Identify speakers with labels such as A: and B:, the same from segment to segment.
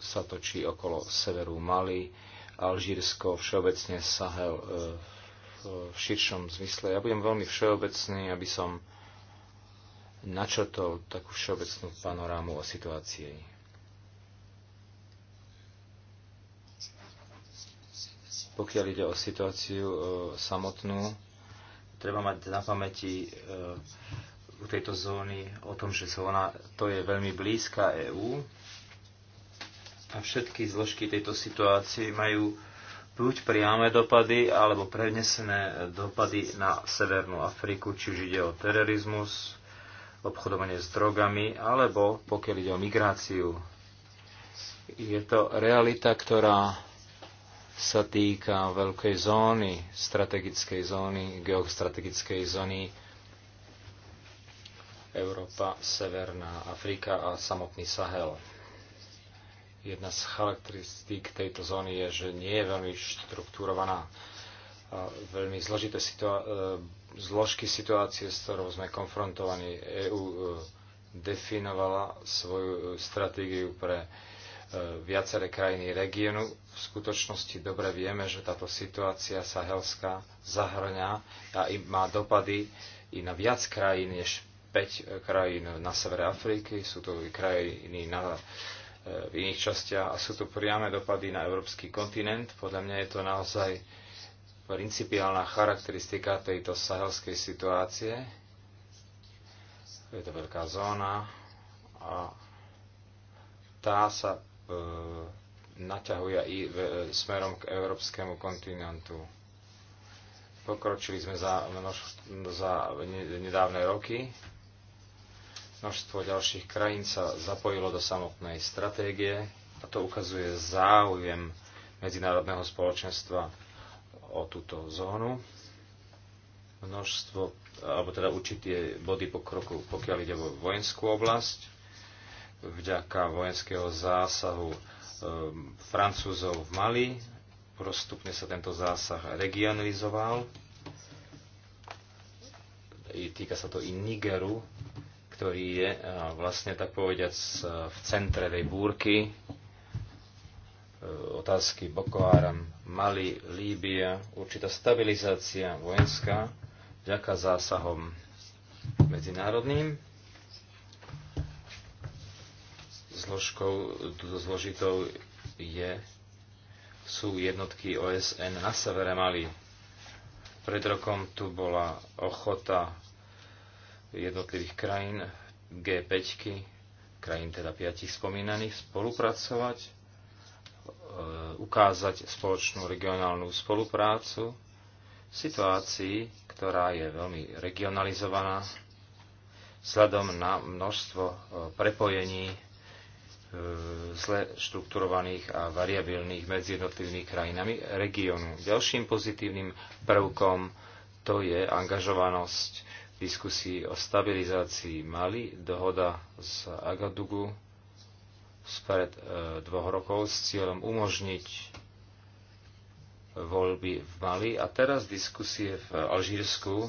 A: sa točí okolo severu Mali, Alžírsko, všeobecne Sahel e, v širšom zmysle. Ja budem veľmi všeobecný, aby som načrtol takú všeobecnú panorámu o situácii. Pokiaľ ide o situáciu e, samotnú, treba mať na pamäti e, tejto zóny o tom, že zóna to je veľmi blízka EÚ, a všetky zložky tejto situácie majú buď priame dopady, alebo prenesené dopady na Severnú Afriku, či už ide o terorizmus, obchodovanie s drogami, alebo pokiaľ ide o migráciu. Je to realita, ktorá sa týka veľkej zóny, strategickej zóny, geostrategickej zóny Európa, Severná Afrika a samotný Sahel. Jedna z charakteristík tejto zóny je, že nie je veľmi štruktúrovaná a veľmi zložité situa- e, zložky situácie, s ktorou sme konfrontovaní. EU e, definovala svoju e, stratégiu pre viaceré krajiny regiónu. V skutočnosti dobre vieme, že táto situácia sahelská zahrňa a má dopady i na viac krajín než 5 krajín na severe Afriky. Sú to krajiny na v iných častiach a sú tu priame dopady na európsky kontinent. Podľa mňa je to naozaj principiálna charakteristika tejto sahelskej situácie. Je to veľká zóna a tá sa e, naťahuje i v, e, smerom k európskemu kontinentu. Pokročili sme za, množ, za nedávne roky Množstvo ďalších krajín sa zapojilo do samotnej stratégie a to ukazuje záujem medzinárodného spoločenstva o túto zónu. Množstvo, alebo teda určité body pokroku, pokiaľ ide o vojenskú oblasť, vďaka vojenského zásahu e, Francúzov v Mali. Postupne sa tento zásah regionalizoval. I týka sa to i Nigeru, ktorý je eh, vlastne tak povediať eh, v centre tej búrky. Eh, otázky Boko Haram, Mali, Líbia, určitá stabilizácia vojenská vďaka zásahom medzinárodným zložkou, zložitou je, sú jednotky OSN na severe Mali. Pred rokom tu bola ochota jednotlivých krajín G5, krajín teda piatich spomínaných, spolupracovať, e, ukázať spoločnú regionálnu spoluprácu v situácii, ktorá je veľmi regionalizovaná, vzhľadom na množstvo e, prepojení e, zle štrukturovaných a variabilných medzi jednotlivými krajinami regiónu. Ďalším pozitívnym prvkom to je angažovanosť diskusii o stabilizácii Mali, dohoda z Agadugu spred e, dvoch rokov s cieľom umožniť voľby v Mali a teraz diskusie v Alžírsku,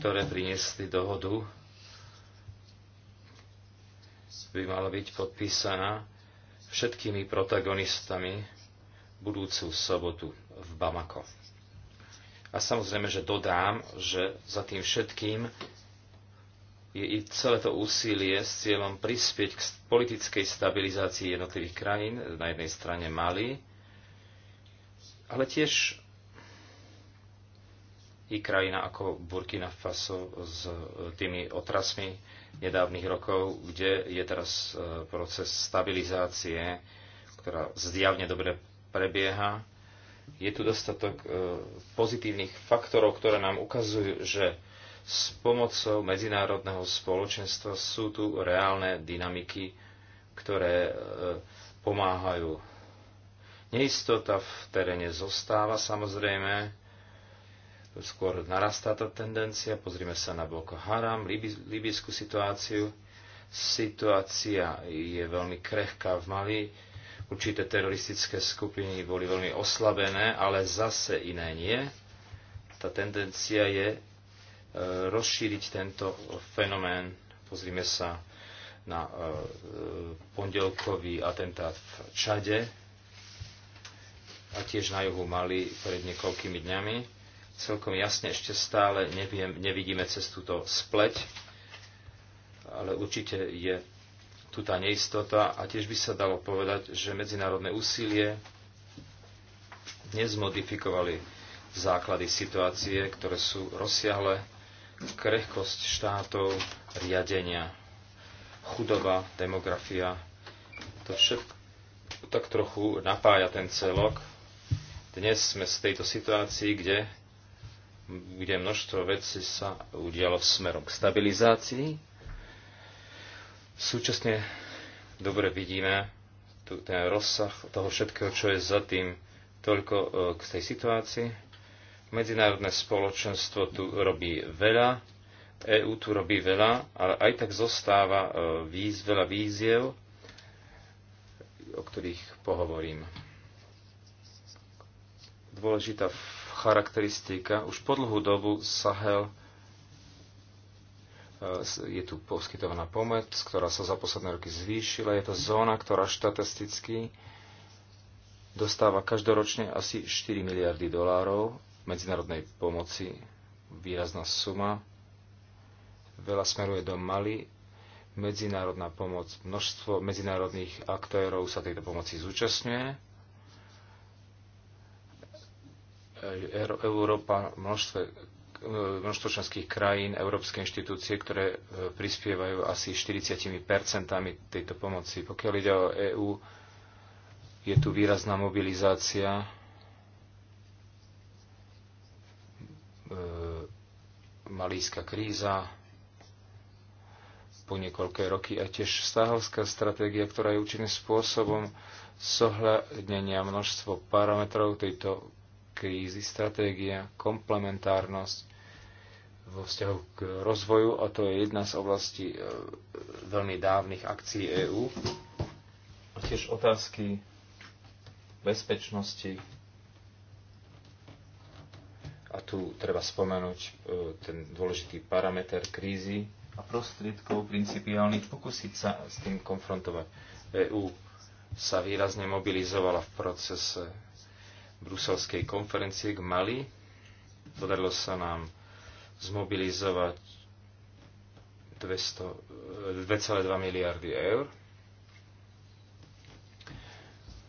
A: ktoré priniesli dohodu, by mala byť podpísaná všetkými protagonistami budúcu sobotu v Bamako. A samozrejme, že dodám, že za tým všetkým je i celé to úsilie s cieľom prispieť k politickej stabilizácii jednotlivých krajín, na jednej strane Mali, ale tiež i krajina ako Burkina Faso s e, tými otrasmi nedávnych rokov, kde je teraz e, proces stabilizácie, ktorá zjavne dobre prebieha je tu dostatok e, pozitívnych faktorov, ktoré nám ukazujú, že s pomocou medzinárodného spoločenstva sú tu reálne dynamiky, ktoré e, pomáhajú. Neistota v teréne zostáva samozrejme, skôr narastá tá tendencia. Pozrime sa na Boko Haram, libyskú situáciu. Situácia je veľmi krehká v Mali určité teroristické skupiny boli veľmi oslabené, ale zase iné nie. Tá tendencia je e, rozšíriť tento fenomén. Pozrime sa na e, e, pondelkový atentát v Čade a tiež na juhu Mali pred niekoľkými dňami. Celkom jasne ešte stále neviem, nevidíme cez túto spleť, ale určite je tu tá neistota a tiež by sa dalo povedať, že medzinárodné úsilie nezmodifikovali základy situácie, ktoré sú rozsiahle, krehkosť štátov, riadenia, chudoba, demografia. To všetko tak trochu napája ten celok. Dnes sme z tejto situácii, kde, kde množstvo vecí sa udialo smerom k stabilizácii, Súčasne dobre vidíme tu, ten rozsah toho všetkého, čo je za tým toľko e, k tej situácii. Medzinárodné spoločenstvo tu robí veľa, EÚ tu robí veľa, ale aj tak zostáva e, víz, veľa víziev, o ktorých pohovorím. Dôležitá charakteristika. Už po dlhú dobu Sahel E, je tu poskytovaná pomoc, ktorá sa za posledné roky zvýšila. Je to zóna, ktorá štatisticky dostáva každoročne asi 4 miliardy dolárov medzinárodnej pomoci. Výrazná suma. Veľa smeruje do Mali. Medzinárodná pomoc, množstvo medzinárodných aktérov sa tejto pomoci zúčastňuje. E, Európa množstvo E, množstvo členských krajín, európske inštitúcie, ktoré e, prispievajú asi 40 tejto pomoci. Pokiaľ ide o EÚ, je tu výrazná mobilizácia e, malíska kríza po niekoľké roky a tiež stáhovská stratégia, ktorá je účinným spôsobom zohľadnenia množstvo parametrov tejto krízy, stratégia, komplementárnosť vo vzťahu k rozvoju a to je jedna z oblastí e, veľmi dávnych akcií EÚ. A tiež otázky bezpečnosti. A tu treba spomenúť e, ten dôležitý parameter krízy a prostriedkov principiálnych pokúsiť sa s tým konfrontovať. EÚ sa výrazne mobilizovala v procese bruselskej konferencie k Mali. Podarilo sa nám zmobilizovať 2,2 miliardy eur.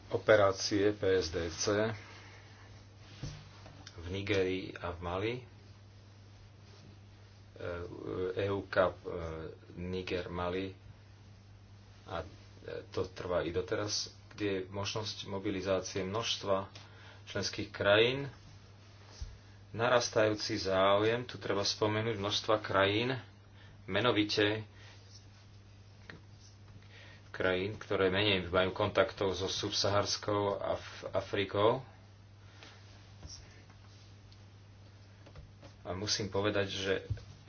A: Operácie PSDC v Nigerii a v Mali. E, e Cup e, Niger Mali a to trvá i doteraz, kde je možnosť mobilizácie množstva členských krajín. Narastajúci záujem, tu treba spomenúť množstva krajín, menovite krajín, ktoré menej majú kontaktov so subsaharskou Af- Afrikou. A musím povedať, že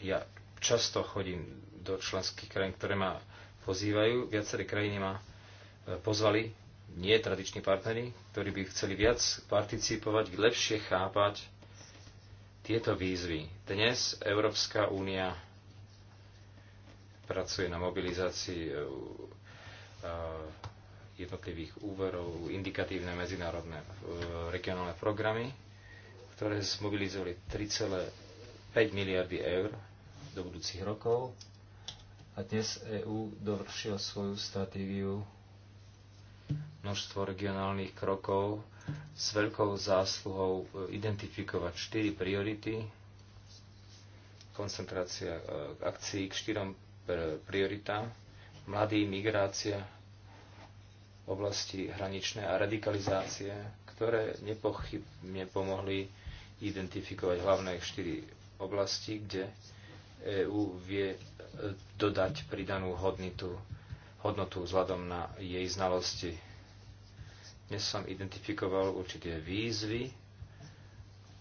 A: ja často chodím do členských krajín, ktoré ma pozývajú. Viaceré krajiny ma e, pozvali nie tradiční partnery, ktorí by chceli viac participovať, lepšie chápať tieto výzvy. Dnes Európska únia pracuje na mobilizácii e, e, jednotlivých úverov, indikatívne medzinárodné e, regionálne programy, ktoré zmobilizovali 3,5 miliardy eur do budúcich rokov. A dnes EÚ dovršil svoju stratégiu množstvo regionálnych krokov s veľkou zásluhou e, identifikovať štyri priority, koncentrácia e, akcií k štyrom e, prioritám, mladý, migrácia, oblasti hraničné a radikalizácie, ktoré nepochybne pomohli identifikovať hlavné štyri oblasti, kde EÚ vie dodať pridanú hodnotu, hodnotu vzhľadom na jej znalosti dnes som identifikoval určité výzvy,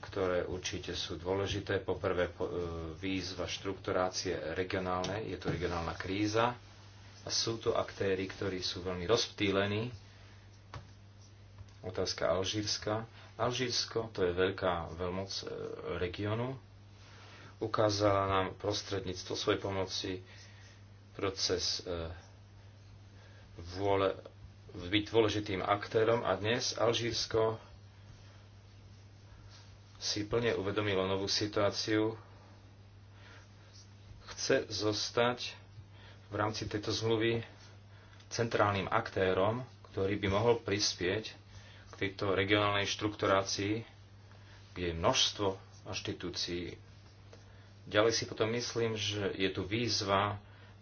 A: ktoré určite sú dôležité. Poprvé e, výzva štrukturácie regionálnej, je to regionálna kríza a sú to aktéry, ktorí sú veľmi rozptýlení. Otázka Alžírska. Alžírsko to je veľká veľmoc e, regionu. Ukázala nám prostredníctvo svojej pomoci proces e, vôle byť dôležitým aktérom a dnes Alžírsko si plne uvedomilo novú situáciu, chce zostať v rámci tejto zmluvy centrálnym aktérom, ktorý by mohol prispieť k tejto regionálnej štrukturácii, kde je množstvo inštitúcií. Ďalej si potom myslím, že je tu výzva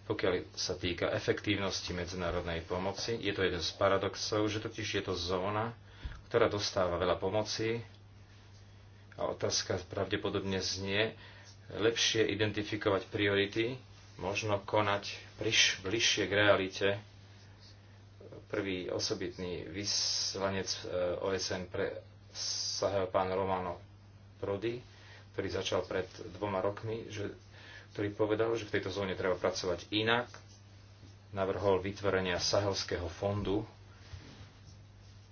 A: pokiaľ sa týka efektívnosti medzinárodnej pomoci, je to jeden z paradoxov, že totiž je to zóna, ktorá dostáva veľa pomoci a otázka pravdepodobne znie, lepšie identifikovať priority, možno konať priš, bližšie k realite. Prvý osobitný vyslanec e, OSN pre Sahel, pán Romano Prody, ktorý začal pred dvoma rokmi, že ktorý povedal, že v tejto zóne treba pracovať inak. Navrhol vytvorenia Sahelského fondu,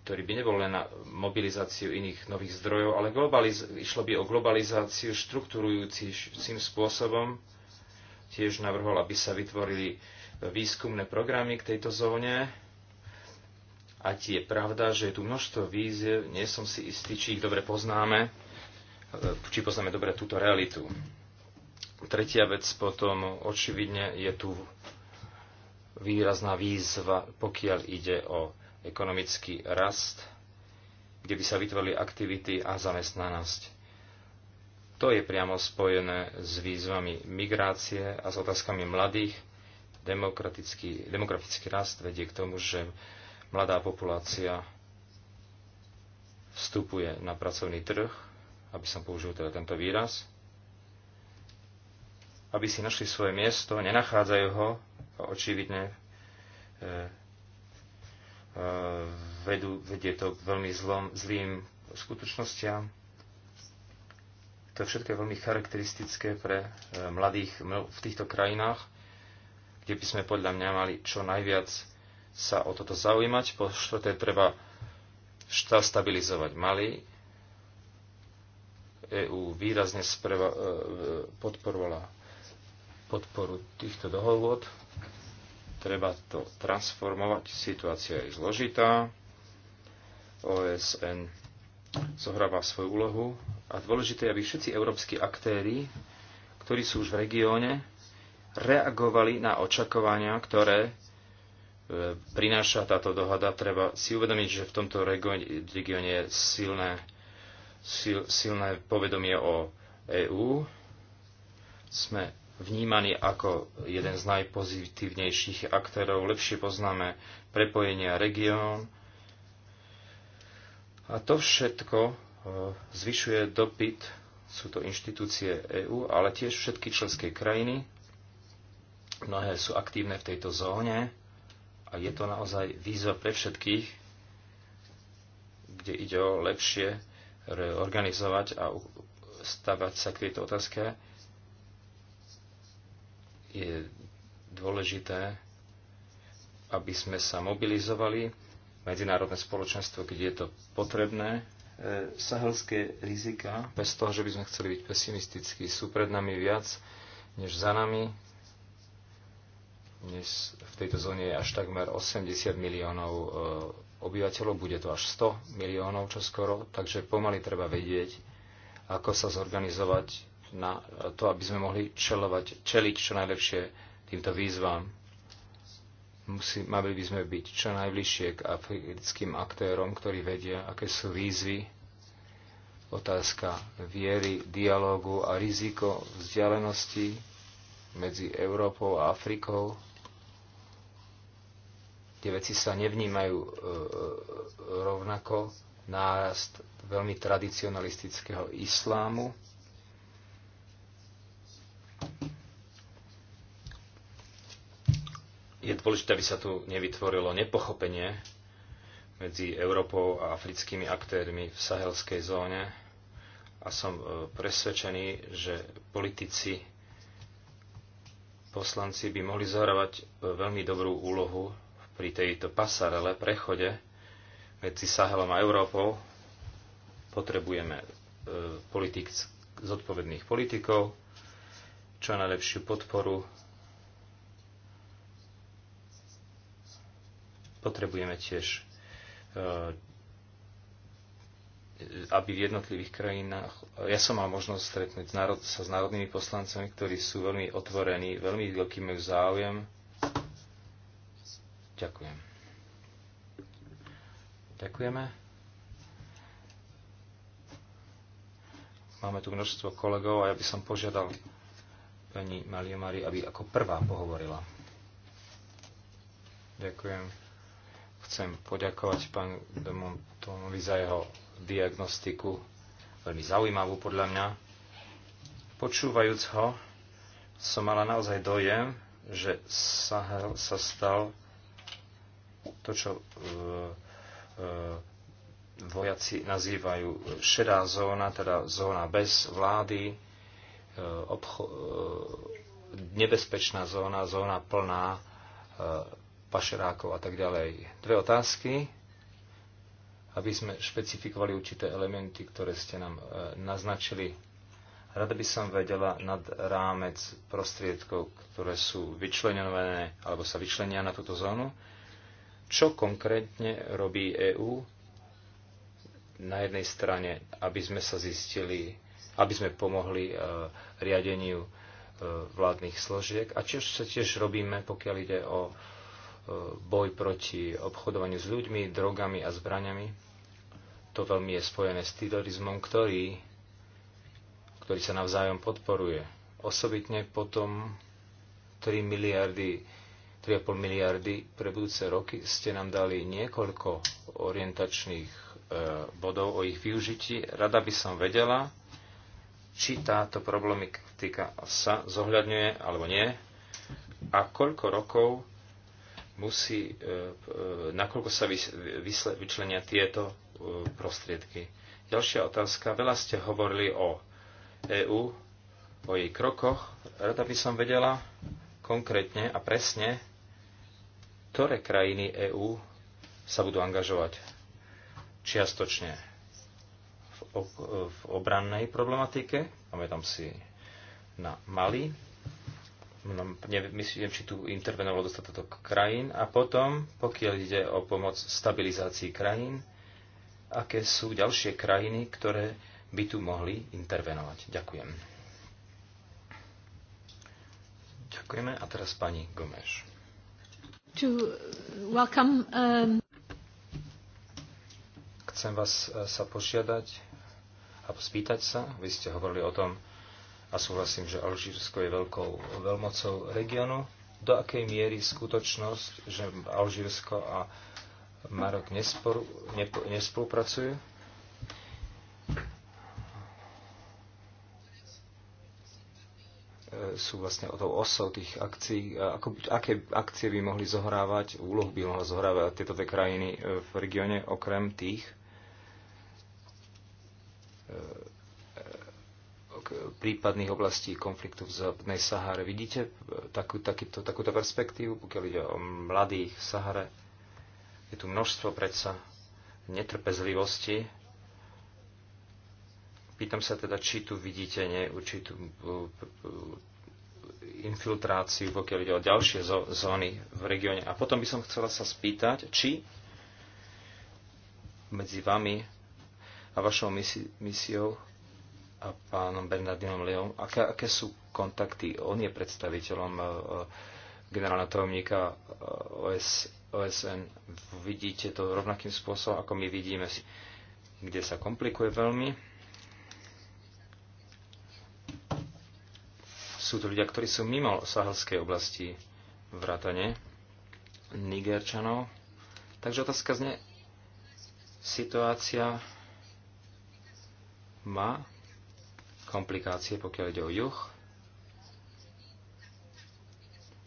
A: ktorý by nebol len na mobilizáciu iných nových zdrojov, ale globaliz- išlo by o globalizáciu štruktúrujúcim spôsobom. Tiež navrhol, aby sa vytvorili výskumné programy k tejto zóne. A ti je pravda, že je tu množstvo víziev, nie som si istý, či ich dobre poznáme, či poznáme dobre túto realitu. Tretia vec potom, očividne je tu výrazná výzva, pokiaľ ide o ekonomický rast, kde by sa vytvorili aktivity a zamestnanosť. To je priamo spojené s výzvami migrácie a s otázkami mladých. Demokratický, demografický rast vedie k tomu, že mladá populácia vstupuje na pracovný trh, aby som použil teda tento výraz, aby si našli svoje miesto, nenachádzajú ho, očividne e, e, vedú, vedie to k veľmi zlom, zlým skutočnostiam. To všetko je veľmi charakteristické pre e, mladých v týchto krajinách, kde by sme podľa mňa mali čo najviac sa o toto zaujímať. Po štvrté, treba štát stabilizovať Mali. EÚ výrazne spreva, podporovala podporu týchto dohovod. Treba to transformovať, situácia je zložitá. OSN zohráva svoju úlohu a dôležité je, aby všetci európsky aktéry, ktorí sú už v regióne, reagovali na očakovania, ktoré e, prináša táto dohada. Treba si uvedomiť, že v tomto regióne je silné, sil, silné povedomie o EÚ. Sme vnímaný ako jeden z najpozitívnejších aktérov. Lepšie poznáme prepojenia región. A to všetko e, zvyšuje dopyt. Sú to inštitúcie EÚ, ale tiež všetky členské krajiny. Mnohé sú aktívne v tejto zóne a je to naozaj výzva pre všetkých, kde ide o lepšie organizovať a stavať sa k tejto otázke je dôležité, aby sme sa mobilizovali, medzinárodné spoločenstvo, keď je to potrebné. E, sahelské rizika, bez toho, že by sme chceli byť pesimistickí, sú pred nami viac než za nami. Dnes v tejto zóne je až takmer 80 miliónov e, obyvateľov, bude to až 100 miliónov čoskoro, takže pomaly treba vedieť, ako sa zorganizovať na to, aby sme mohli čelovať, čeliť čo najlepšie týmto výzvam. Musí, mali by sme byť čo najbližšie k africkým aktérom, ktorí vedia, aké sú výzvy, otázka viery, dialógu a riziko vzdialenosti medzi Európou a Afrikou. Tie veci sa nevnímajú e, e, rovnako. Nárast veľmi tradicionalistického islámu, je dôležité, aby sa tu nevytvorilo nepochopenie medzi Európou a africkými aktérmi v sahelskej zóne a som e, presvedčený, že politici, poslanci by mohli zahrávať e, veľmi dobrú úlohu pri tejto pasarele, prechode medzi Sahelom a Európou. Potrebujeme e, politik, zodpovedných politikov, čo najlepšiu podporu Potrebujeme tiež, e, aby v jednotlivých krajinách... Ja som mal možnosť stretnúť sa s národnými poslancami, ktorí sú veľmi otvorení, veľmi veľkým záujem. Ďakujem. Ďakujeme. Máme tu množstvo kolegov a ja by som požiadal pani Maliomari, aby ako prvá pohovorila. Ďakujem. Chcem poďakovať pánu Demontonovi za jeho diagnostiku, veľmi zaujímavú podľa mňa. Počúvajúc ho, som mala naozaj dojem, že sa, sa stal to, čo e, e, vojaci nazývajú šedá zóna, teda zóna bez vlády, e, obcho- e, nebezpečná zóna, zóna plná e, pašerákov a tak ďalej. Dve otázky, aby sme špecifikovali určité elementy, ktoré ste nám e, naznačili. Rada by som vedela nad rámec prostriedkov, ktoré sú vyčlenené alebo sa vyčlenia na túto zónu, čo konkrétne robí EÚ na jednej strane, aby sme sa zistili, aby sme pomohli e, riadeniu e, vládnych složiek a čo sa tiež robíme, pokiaľ ide o boj proti obchodovaniu s ľuďmi, drogami a zbraniami. To veľmi je spojené s terorizmom, ktorý, ktorý sa navzájom podporuje. Osobitne potom 3 miliardy, 3,5 miliardy pre budúce roky ste nám dali niekoľko orientačných e, bodov o ich využití. Rada by som vedela, či táto problematika sa zohľadňuje alebo nie a koľko rokov musí, e, e, nakoľko sa vyčlenia tieto e, prostriedky. Ďalšia otázka. Veľa ste hovorili o EÚ, o jej krokoch. Rada by som vedela konkrétne a presne, ktoré krajiny EÚ sa budú angažovať čiastočne v obrannej problematike. Pamätám si na Mali, No, myslím, či tu intervenovalo dostatok krajín. A potom, pokiaľ ide o pomoc stabilizácii krajín, aké sú ďalšie krajiny, ktoré by tu mohli intervenovať. Ďakujem. Ďakujeme. A teraz pani Gomeš. To welcome, um... Chcem vás eh, sa požiadať a spýtať sa. Vy ste hovorili o tom, a súhlasím, že Alžírsko je veľkou veľmocou regionu, do akej miery skutočnosť, že Alžírsko a Marok nespor, ne, nespolupracujú? E, sú vlastne o tou osou tých akcií, ako, aké akcie by mohli zohrávať, úloh by mohla zohrávať tieto dve krajiny e, v regióne, okrem tých e, prípadných oblastí konfliktu v západnej Sahare. Vidíte e, takú, takýto, takúto perspektívu, pokiaľ ide o mladých v Sahare? Je tu množstvo predsa netrpezlivosti. Pýtam sa teda, či tu vidíte ne, určitú e, e, infiltráciu, pokiaľ ide o ďalšie zóny v regióne. A potom by som chcela sa spýtať, či medzi vami a vašou misi- misiou a pánom Bernardinom Leom, aké, aké sú kontakty. On je predstaviteľom e, e, generálneho tajomníka e, OS, OSN. Vidíte to rovnakým spôsobom, ako my vidíme, kde sa komplikuje veľmi. Sú to ľudia, ktorí sú mimo sahelskej oblasti vrátane Nigerčanov. Takže otázka zne, situácia má komplikácie, pokiaľ ide o juh.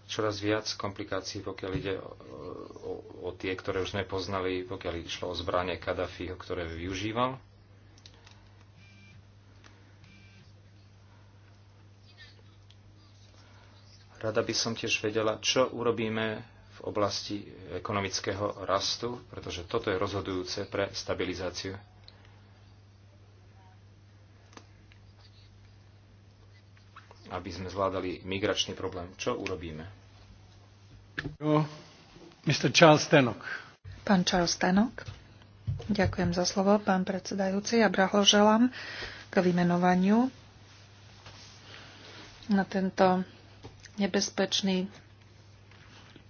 A: Čoraz viac komplikácií, pokiaľ ide o, o, o tie, ktoré už sme poznali, pokiaľ išlo o zbranie Kadafiho, ktoré využíval. Rada by som tiež vedela, čo urobíme v oblasti ekonomického rastu, pretože toto je rozhodujúce pre stabilizáciu aby sme zvládali migračný problém. Čo urobíme? No, Mr. Charles Tenok.
B: Pán Charles Tenok. Ďakujem za slovo, pán predsedajúci. Ja blahoželám k vymenovaniu na tento nebezpečný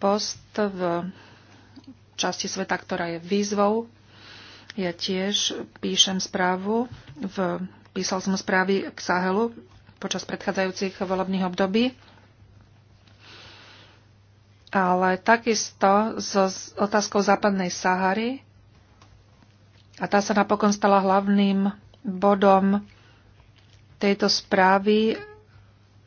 B: post v časti sveta, ktorá je výzvou. Ja tiež píšem správu, v, písal som správy k Sahelu počas predchádzajúcich volebných období. Ale takisto so otázkou západnej Sahary, a tá sa napokon stala hlavným bodom tejto správy,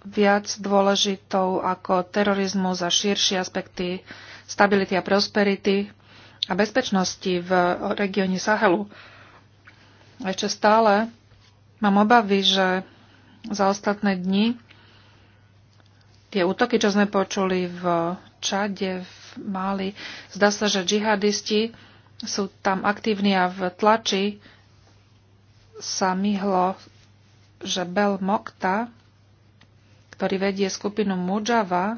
B: viac dôležitou ako terorizmus a širšie aspekty stability a prosperity a bezpečnosti v regióne Sahelu. Ešte stále mám obavy, že za ostatné dni. Tie útoky, čo sme počuli v Čade, v Mali, zdá sa, že džihadisti sú tam aktívni a v tlači sa myhlo, že Bel Mokta, ktorý vedie skupinu Mujava,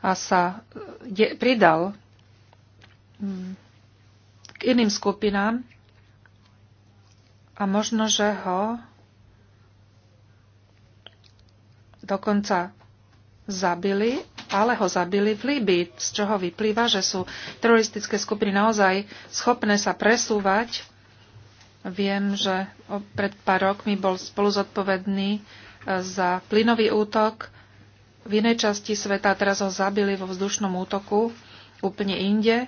B: a sa je, pridal mm, k iným skupinám, a možno, že ho dokonca zabili, ale ho zabili v Líbii, z čoho vyplýva, že sú teroristické skupiny naozaj schopné sa presúvať. Viem, že pred pár rokmi bol spolu zodpovedný e, za plynový útok v inej časti sveta, teraz ho zabili vo vzdušnom útoku úplne inde.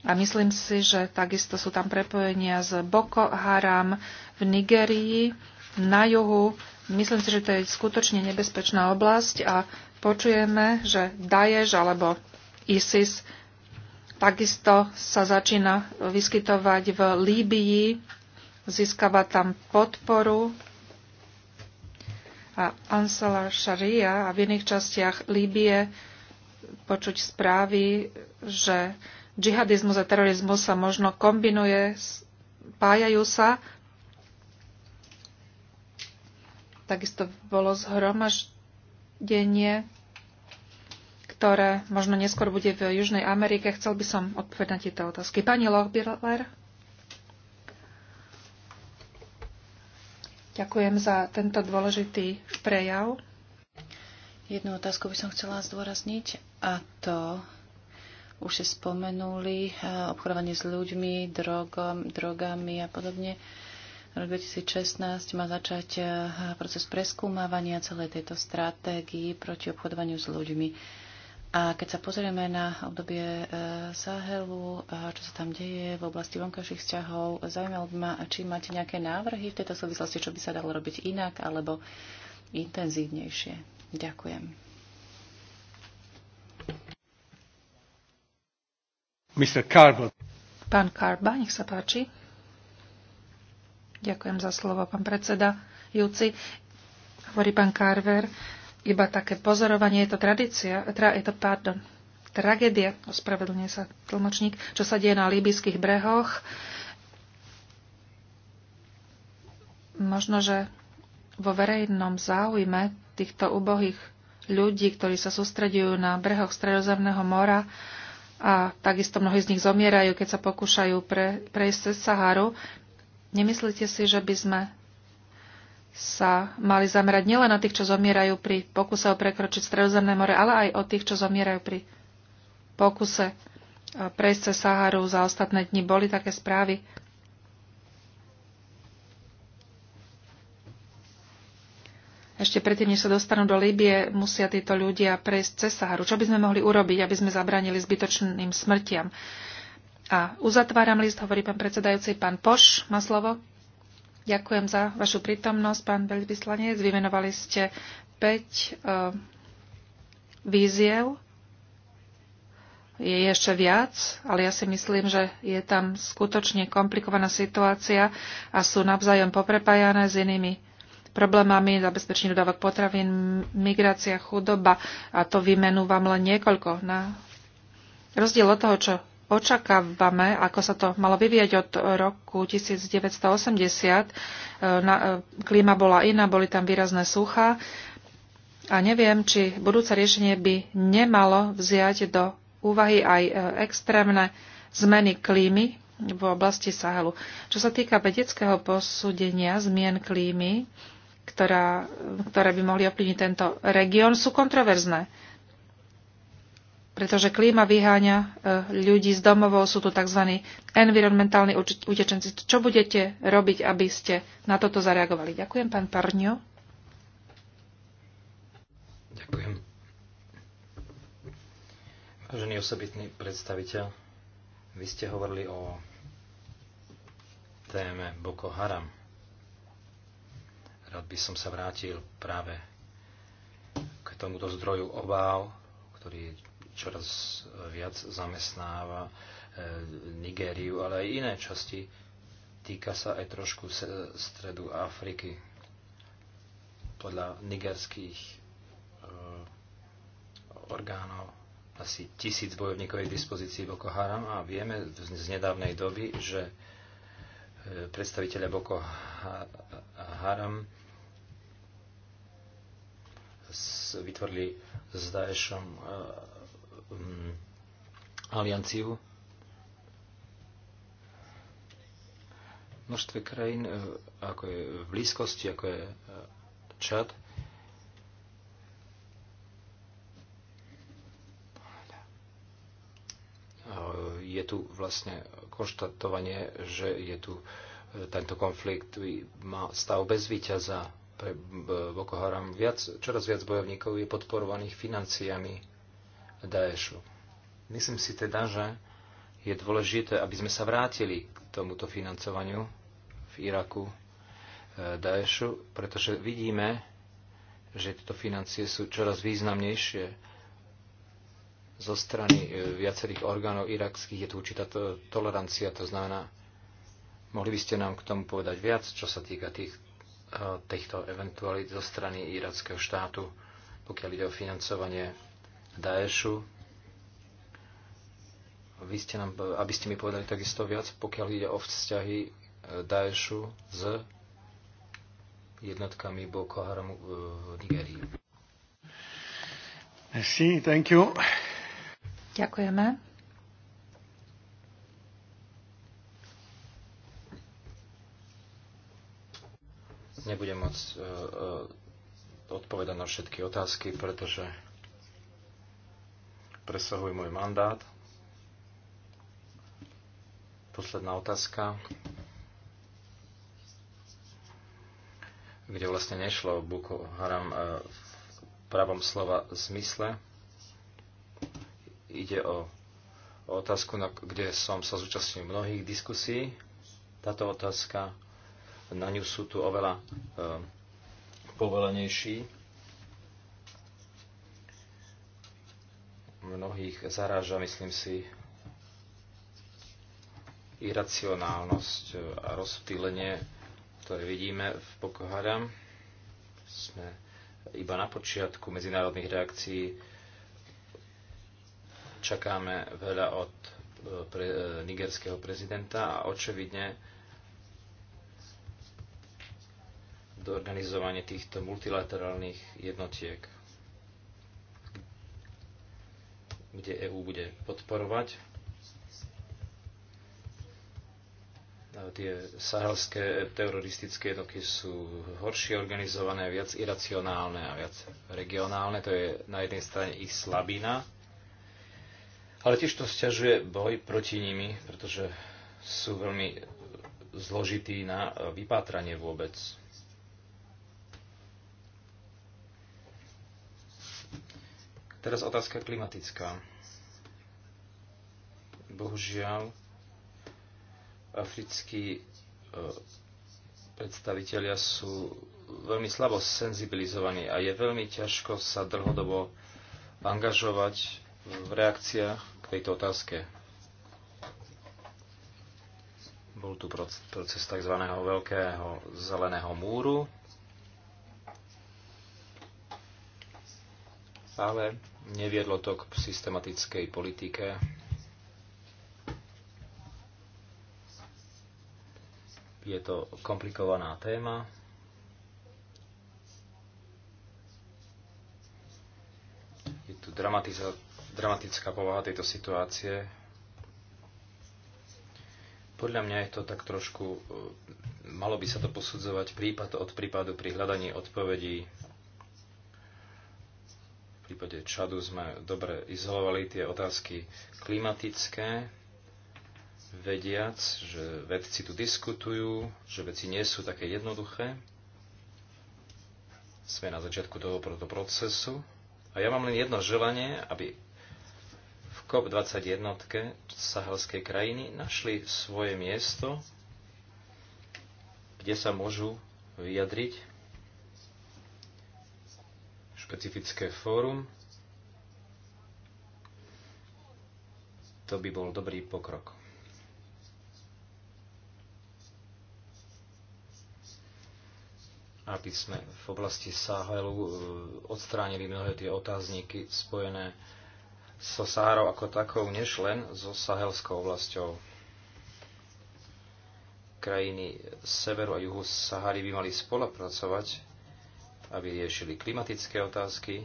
B: A myslím si, že takisto sú tam prepojenia s Boko Haram v Nigerii na juhu. Myslím si, že to je skutočne nebezpečná oblasť a počujeme, že Daesh alebo ISIS takisto sa začína vyskytovať v Líbii, získava tam podporu a Ansala Sharia a v iných častiach Líbie počuť správy, že džihadizmus a terorizmus sa možno kombinuje, pájajú sa. Takisto bolo zhromaždenie, ktoré možno neskôr bude v Južnej Amerike. Chcel by som odpovedať na tieto otázky. Pani Lochbirler. Ďakujem za tento dôležitý prejav.
C: Jednu otázku by som chcela zdôrazniť a to už ste spomenuli, eh, obchodovanie s ľuďmi, drogom, drogami a podobne. Rok 2016 má začať eh, proces preskúmavania celej tejto stratégii proti obchodovaniu s ľuďmi. A keď sa pozrieme na obdobie eh, Sahelu, čo sa tam deje v oblasti vonkajších vzťahov, zaujímalo by ma, či máte nejaké návrhy v tejto súvislosti, čo by sa dalo robiť inak alebo intenzívnejšie. Ďakujem.
A: Mr. Carbo.
C: Pán Karba, nech sa páči.
B: Ďakujem za slovo, pán predseda Júci. Hovorí pán Carver, iba také pozorovanie, je to tradícia, tra, je to, pardon, tragédia, ospravedlňuje sa tlmočník, čo sa deje na líbyských brehoch. Možno, že vo verejnom záujme týchto ubohých ľudí, ktorí sa sústredujú na brehoch Stredozemného mora, a takisto mnohí z nich zomierajú, keď sa pokúšajú pre, prejsť cez Saharu. Nemyslíte si, že by sme sa mali zamerať nielen na tých, čo zomierajú pri pokuse o prekročiť Stredozemné more, ale aj o tých, čo zomierajú pri pokuse prejsť cez Saharu za ostatné dni. Boli také správy ešte predtým, než sa dostanú do Líbie, musia títo ľudia prejsť cez Saharu. Čo by sme mohli urobiť, aby sme zabránili zbytočným smrtiam? A uzatváram list, hovorí pán predsedajúci, pán Poš má slovo. Ďakujem za vašu prítomnosť, pán veľvyslanec. Vymenovali ste 5 uh, e, víziev. Je ešte viac, ale ja si myslím, že je tam skutočne komplikovaná situácia a sú navzájom poprepájané s inými problémami, zabezpečenie dodávok potravín, migrácia, chudoba a to výmenu vám len niekoľko. Na rozdiel od toho, čo očakávame, ako sa to malo vyvíjať od roku 1980, eh, na, eh, klíma bola iná, boli tam výrazné suchá a neviem, či budúce riešenie by nemalo vziať do úvahy aj eh, extrémne zmeny klímy v oblasti Sahelu. Čo sa týka vedeckého posúdenia zmien klímy, ktorá, ktoré by mohli ovplyvniť tento región, sú kontroverzné. Pretože klíma vyháňa e, ľudí z domovov, sú tu tzv. environmentálni utečenci. Čo budete robiť, aby ste na toto zareagovali? Ďakujem, pán Parňo.
A: Ďakujem. Vážený osobitný predstaviteľ, vy ste hovorili o téme Boko Haram. Rád by som sa vrátil práve k tomuto zdroju obáv, ktorý čoraz viac zamestnáva e, Nigériu, ale aj iné časti. Týka sa aj trošku stredu Afriky. Podľa nigerských e, orgánov asi tisíc bojovníkov je v dispozícii Boko Haram a vieme z nedávnej doby, že e, predstaviteľe Boko Haram vytvorili s Daešom e, mm, alianciu. Množstve krajín, e, ako je v blízkosti, ako je e, Čad, je tu vlastne konštatovanie, že je tu tento konflikt má stav bez víťaza pre Boko Haram. Viac, čoraz viac bojovníkov je podporovaných financiami Daešu. Myslím si teda, že je dôležité, aby sme sa vrátili k tomuto financovaniu v Iraku e, Daešu, pretože vidíme, že tieto financie sú čoraz významnejšie zo strany e, viacerých orgánov irakských. Je tu určitá to, tolerancia, to znamená, mohli by ste nám k tomu povedať viac, čo sa týka tých, týchto eventualít zo strany irackého štátu, pokiaľ ide o financovanie Daeshu. Vy ste nám, aby ste mi povedali takisto viac, pokiaľ ide o vzťahy e, Daeshu s jednotkami Boko Haramu e, v Nigerii.
C: Merci, thank you.
B: Ďakujeme.
A: Nebudem môcť e, e, odpovedať na všetky otázky, pretože presahuje môj mandát. Posledná otázka, kde vlastne nešlo o Boko Haram e, v pravom slova zmysle. Ide o, o otázku, na, kde som sa zúčastnil mnohých diskusí. Táto otázka na ňu sú tu oveľa eh, povolenejší. Mnohých zaráža, myslím si, iracionálnosť eh, a rozptýlenie, ktoré vidíme v Pokoharam. Sme iba na počiatku medzinárodných reakcií. Čakáme veľa od eh, pre, nigerského prezidenta a očividne do organizovania týchto multilaterálnych jednotiek, kde EÚ bude podporovať tie sahelské teroristické jednotky sú horšie organizované, viac iracionálne a viac regionálne. To je na jednej strane ich slabina, ale tiež to stiažuje boj proti nimi, pretože sú veľmi zložití na vypátranie vôbec. Teraz otázka klimatická. Bohužiaľ, africkí e, predstavitelia sú veľmi slabo senzibilizovaní a je veľmi ťažko sa dlhodobo angažovať v reakciách k tejto otázke. Bol tu proces tzv. veľkého zeleného múru, ale neviedlo to k systematickej politike. Je to komplikovaná téma. Je tu dramatická povaha tejto situácie. Podľa mňa je to tak trošku, e, malo by sa to posudzovať prípad od prípadu pri hľadaní odpovedí prípade Čadu sme dobre izolovali tie otázky klimatické, vediac, že vedci tu diskutujú, že veci nie sú také jednoduché. Sme na začiatku tohoto procesu. A ja mám len jedno želanie, aby v COP21 sahelskej krajiny našli svoje miesto, kde sa môžu vyjadriť špecifické fórum. To by bol dobrý pokrok. aby sme v oblasti Sahelu e, odstránili mnohé tie otázniky spojené so Sahárou ako takou, než len so sahelskou oblasťou. Krajiny severu a juhu Sahary by mali spolupracovať aby riešili klimatické otázky.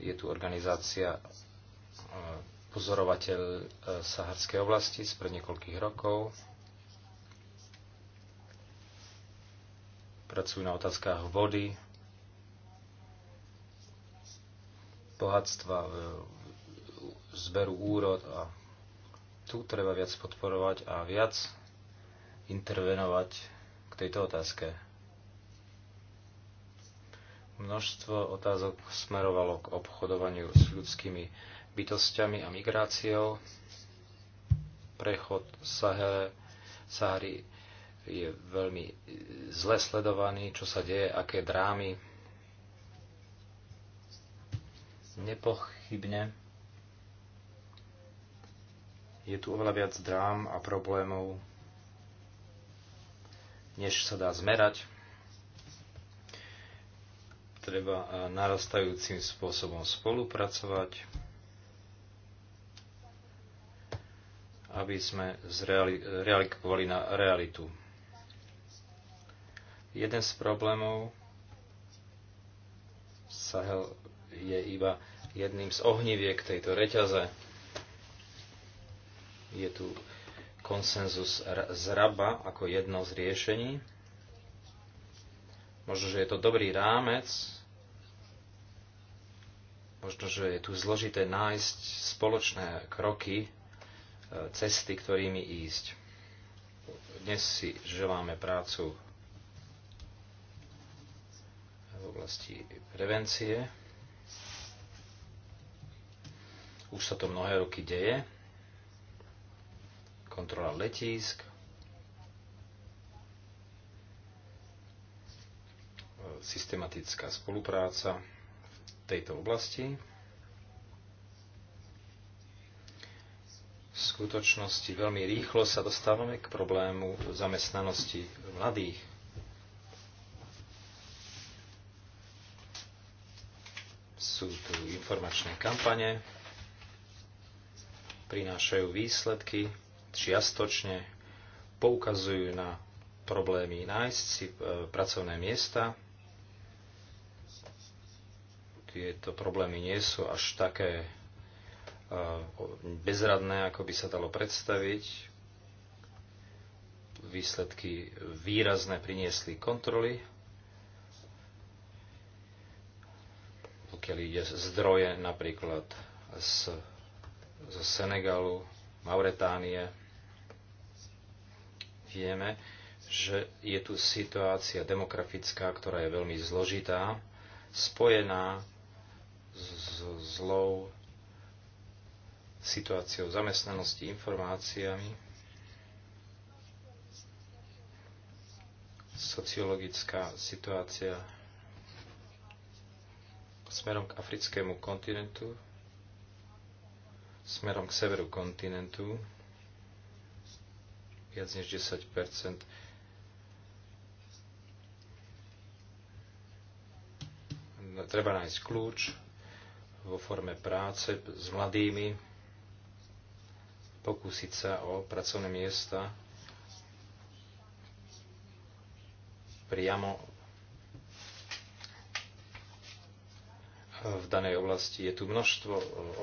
A: Je tu organizácia e, pozorovateľ e, Saharskej oblasti z pred niekoľkých rokov. Pracujú na otázkach vody, bohatstva, e, zberu úrod a tu treba viac podporovať a viac intervenovať tejto otázke. Množstvo otázok smerovalo k obchodovaniu s ľudskými bytostiami a migráciou. Prechod Sahary je veľmi e, zle sledovaný, čo sa deje, aké drámy. Nepochybne je tu oveľa viac drám a problémov než sa dá zmerať, treba narastajúcim spôsobom spolupracovať, aby sme zreali, realikovali na realitu. Jeden z problémov Sahel je iba jedným z ohniviek tejto reťaze. Je tu konsenzus z Raba ako jedno z riešení. Možno, že je to dobrý rámec, možno, že je tu zložité nájsť spoločné kroky, e, cesty, ktorými ísť. Dnes si želáme prácu v oblasti prevencie. Už sa to mnohé roky deje kontrola letísk, systematická spolupráca v tejto oblasti. V skutočnosti veľmi rýchlo sa dostávame k problému zamestnanosti mladých. Sú tu informačné kampane, prinášajú výsledky, čiastočne poukazujú na problémy nájsť si e, pracovné miesta. Tieto problémy nie sú až také e, bezradné, ako by sa dalo predstaviť. Výsledky výrazné priniesli kontroly. Pokiaľ ide zdroje napríklad z, z Senegalu, Mauretánie, Vieme, že je tu situácia demografická, ktorá je veľmi zložitá, spojená s zlou situáciou zamestnanosti, informáciami, sociologická situácia smerom k africkému kontinentu, smerom k severu kontinentu, viac než 10 Treba nájsť kľúč vo forme práce s mladými, pokúsiť sa o pracovné miesta priamo v danej oblasti. Je tu množstvo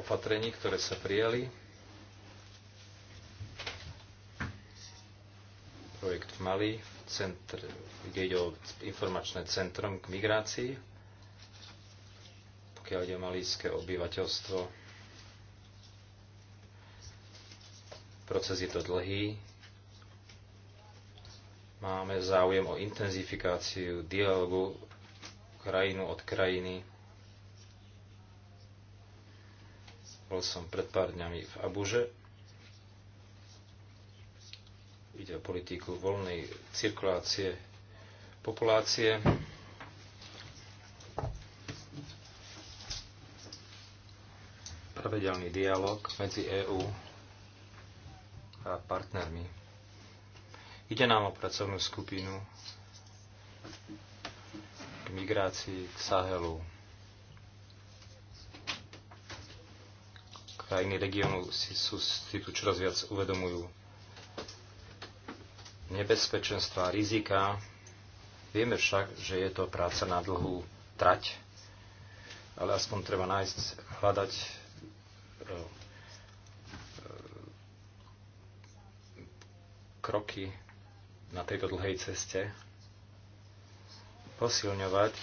A: opatrení, ktoré sa prijali. projekt v Mali, centr, kde ide o informačné centrum k migrácii, pokiaľ ide o malíské obyvateľstvo. Proces je to dlhý. Máme záujem o intenzifikáciu dialogu krajinu od krajiny. Bol som pred pár dňami v Abuže Ide o politiku voľnej cirkulácie populácie. Pravidelný dialog medzi EÚ a partnermi. Ide nám o pracovnú skupinu k migrácii k Sahelu. Krajiny regionu si, sú, si tu čoraz viac uvedomujú nebezpečenstva, rizika. Vieme však, že je to práca na dlhú trať, ale aspoň treba nájsť, hľadať e, e, kroky na tejto dlhej ceste, posilňovať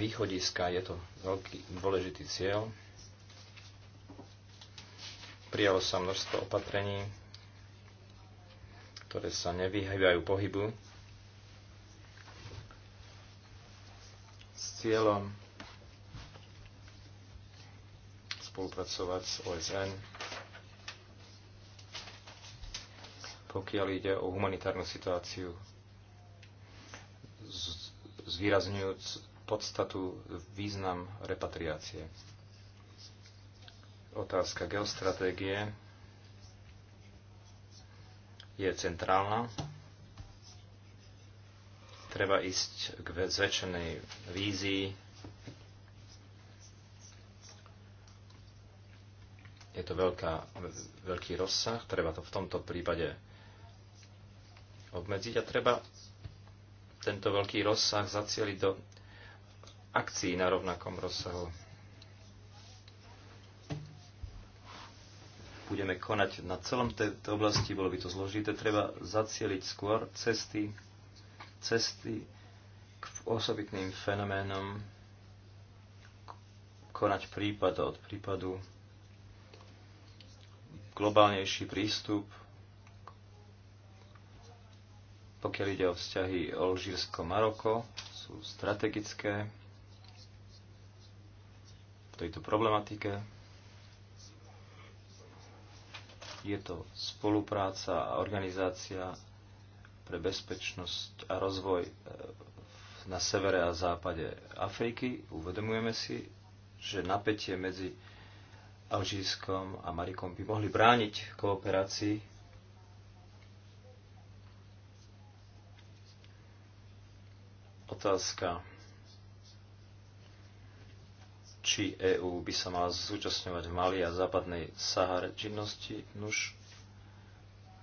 A: východiska. Je to veľký dôležitý cieľ. Prijalo sa množstvo opatrení, ktoré sa nevyhýbajú pohybu s cieľom spolupracovať s OSN, pokiaľ ide o humanitárnu situáciu, zvýrazňujúc podstatu, význam repatriácie. Otázka geostratégie je centrálna. Treba ísť k zväčšenej vízii. Je to veľká, veľký rozsah, treba to v tomto prípade obmedziť a treba tento veľký rozsah zacieliť do akcií na rovnakom rozsahu. budeme konať na celom tejto oblasti, bolo by to zložité, treba zacieliť skôr cesty, cesty k osobitným fenoménom, konať prípad od prípadu, globálnejší prístup, pokiaľ ide o vzťahy Alžírsko-Maroko, sú strategické v tejto problematike. Je to spolupráca a organizácia pre bezpečnosť a rozvoj e, na severe a západe Afriky. Uvedomujeme si, že napätie medzi Alžírskom a Marikom by mohli brániť kooperácii. Otázka či EÚ by sa mala zúčastňovať v Mali a západnej Sahare činnosti. Nuž,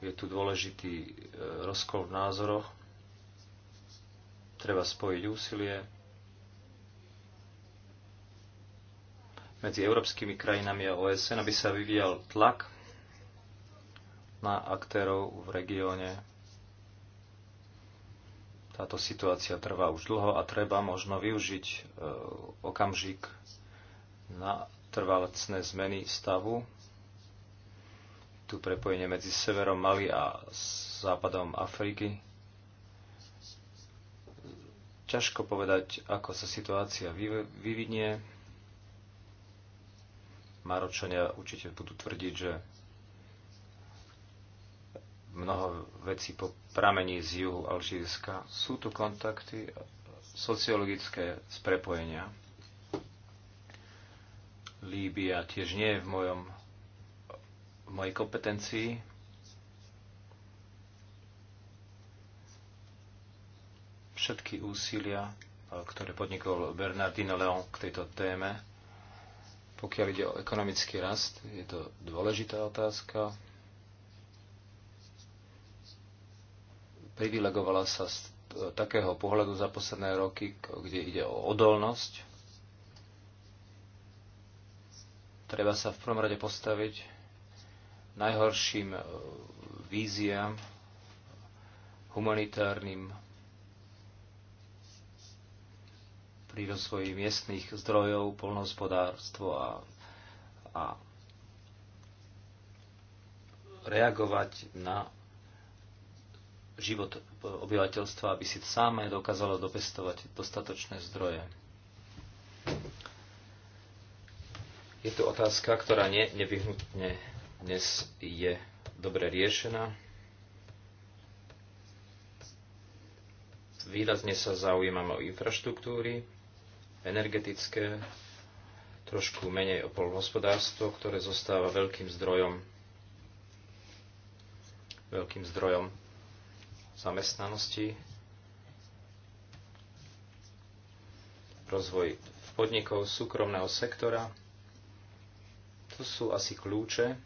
A: je tu dôležitý e, rozkol v názoroch. Treba spojiť úsilie medzi európskymi krajinami a OSN, aby sa vyvíjal tlak na aktérov v regióne. Táto situácia trvá už dlho a treba možno využiť e, okamžik na trvalecné zmeny stavu. Tu prepojenie medzi severom Mali a západom Afriky. Ťažko povedať, ako sa situácia vyvinie. Maročania určite budú tvrdiť, že mnoho vecí po pramení z juhu Alžírska. Sú tu kontakty sociologické z prepojenia. Líbia tiež nie je v, mojom, v mojej kompetencii. Všetky úsilia, e, ktoré podnikol Bernardino Leon k tejto téme, pokiaľ ide o ekonomický rast, je to dôležitá otázka. Privilegovala sa z e, takého pohľadu za posledné roky, kde ide o odolnosť Treba sa v prvom rade postaviť najhorším e, víziám, humanitárnym pri rozvoji miestných zdrojov, polnohospodárstvo a, a
C: reagovať
A: na život obyvateľstva, aby si samé dokázalo dopestovať dostatočné zdroje. Je tu otázka, ktorá nie, nevyhnutne dnes je dobre riešená. Výrazne sa zaujímam o infraštruktúry, energetické, trošku menej o polhospodárstvo, ktoré zostáva veľkým zdrojom veľkým zdrojom zamestnanosti, rozvoj podnikov súkromného sektora, to sú asi kľúče.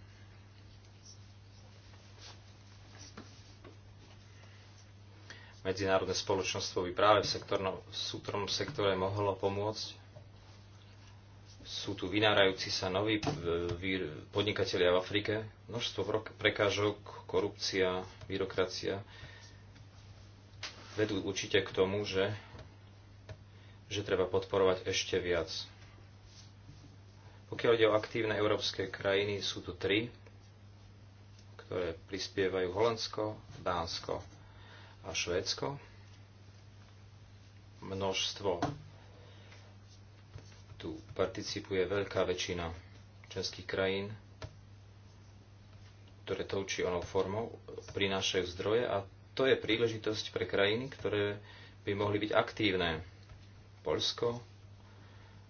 A: Medzinárodné spoločenstvo by práve v sektornom, v súkromnom sektore mohlo pomôcť. Sú tu vynárajúci sa noví e, podnikatelia v Afrike, množstvo prekážok, korupcia, byrokracia vedú určite k tomu, že, že treba podporovať ešte viac pokiaľ ide o aktívne európske krajiny, sú tu tri, ktoré prispievajú Holandsko, Dánsko a Švédsko. Množstvo tu participuje veľká väčšina členských krajín, ktoré tou či onou formou prinášajú zdroje a to je príležitosť pre krajiny, ktoré by mohli byť aktívne. Polsko,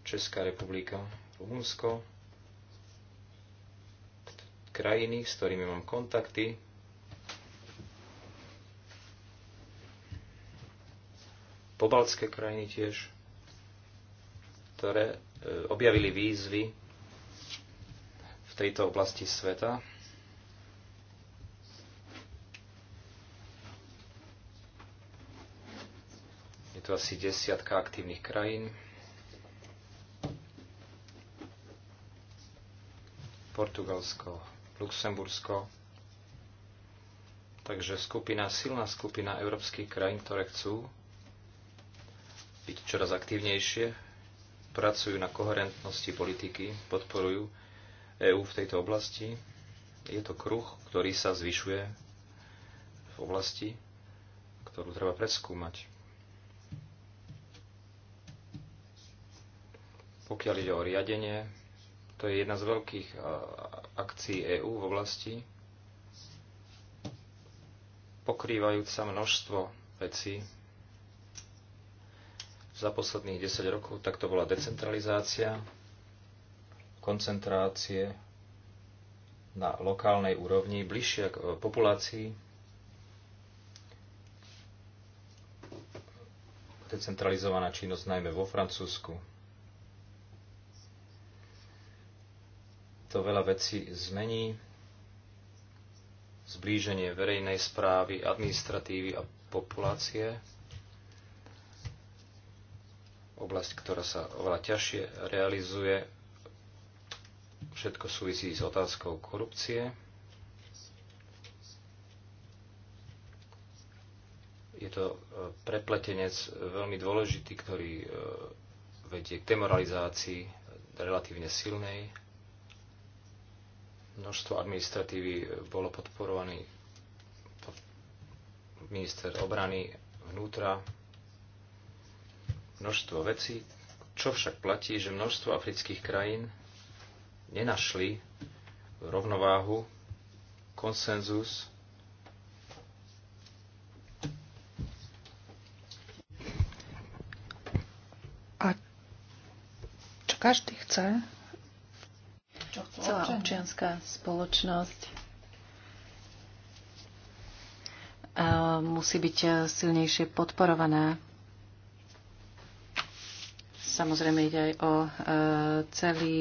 A: Česká republika, Rumunsko, krajiny, s ktorými mám kontakty. Pobaltské krajiny tiež, ktoré e, objavili výzvy v tejto oblasti sveta. Je tu asi desiatka aktívnych krajín. Portugalsko, Luxembursko. Takže skupina, silná skupina európskych krajín, ktoré chcú byť čoraz aktívnejšie, pracujú na koherentnosti politiky, podporujú EÚ v tejto oblasti. Je to kruh, ktorý sa zvyšuje v oblasti, ktorú treba preskúmať. Pokiaľ ide o riadenie, to je jedna z veľkých akcií EÚ v oblasti, pokrývajúca množstvo vecí. Za posledných 10 rokov tak to bola decentralizácia, koncentrácie na lokálnej úrovni, bližšie k e, populácii, decentralizovaná činnosť najmä vo Francúzsku, to veľa vecí zmení. Zblíženie verejnej správy, administratívy a populácie. Oblasť, ktorá sa oveľa ťažšie realizuje. Všetko súvisí s otázkou korupcie. Je to e, prepletenec veľmi dôležitý, ktorý e, vedie k demoralizácii relatívne silnej Množstvo administratívy e, bolo podporovaný pod minister obrany vnútra. Množstvo vecí, čo však platí, že množstvo afrických krajín nenašli rovnováhu, konsenzus,
B: A
C: čo každý chce, celá občianská spoločnosť eh, musí byť eh, silnejšie podporovaná. Samozrejme ide aj o eh, celý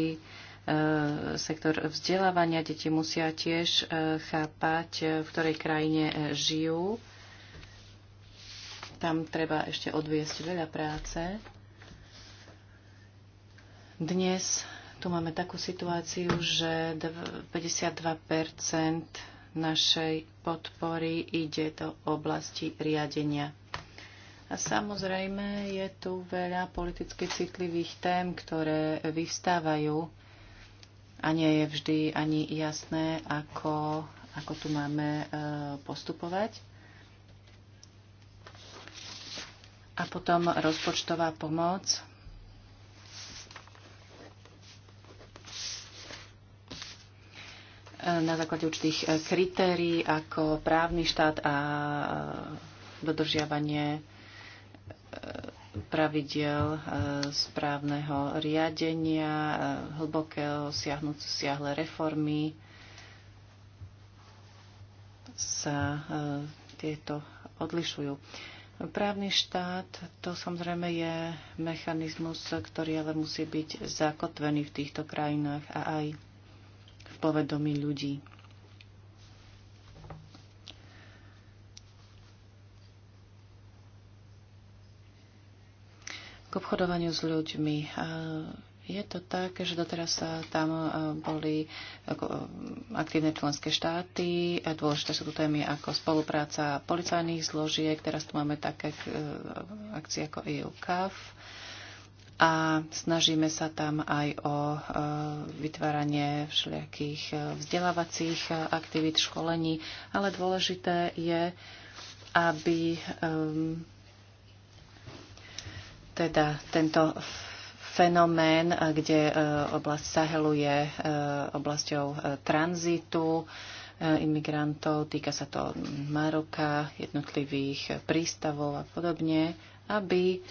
C: sektor vzdelávania. Deti musia tiež chápať, v ktorej krajine žijú. Tam treba ešte odviesť veľa práce. Dnes tu máme takú situáciu, že 52 našej podpory ide do oblasti riadenia. A samozrejme je tu veľa politicky citlivých tém, ktoré vyvstávajú a nie je vždy ani jasné, ako, ako tu máme e, postupovať. A potom rozpočtová pomoc. na základe určitých e, kritérií ako právny štát a e, dodržiavanie e, pravidel správneho riadenia, hlboké siahle reformy sa tieto odlišujú. Právny štát to samozrejme je mechanizmus, ktorý ale musí byť zakotvený v týchto krajinách a aj povedomí ľudí. K obchodovaniu s ľuďmi. Je to tak, že doteraz tam boli aktívne členské štáty. Dôležité sú tu témy ako spolupráca policajných zložiek. Teraz tu máme také e, akcie ako EU-CAF a snažíme sa tam aj o e, vytváranie všelijakých e, vzdelávacích e, aktivít, školení, ale dôležité je, aby teda tento fenomén, kde oblasť Sahelu je oblasťou tranzitu imigrantov, týka sa to Maroka, jednotlivých prístavov a podobne, aby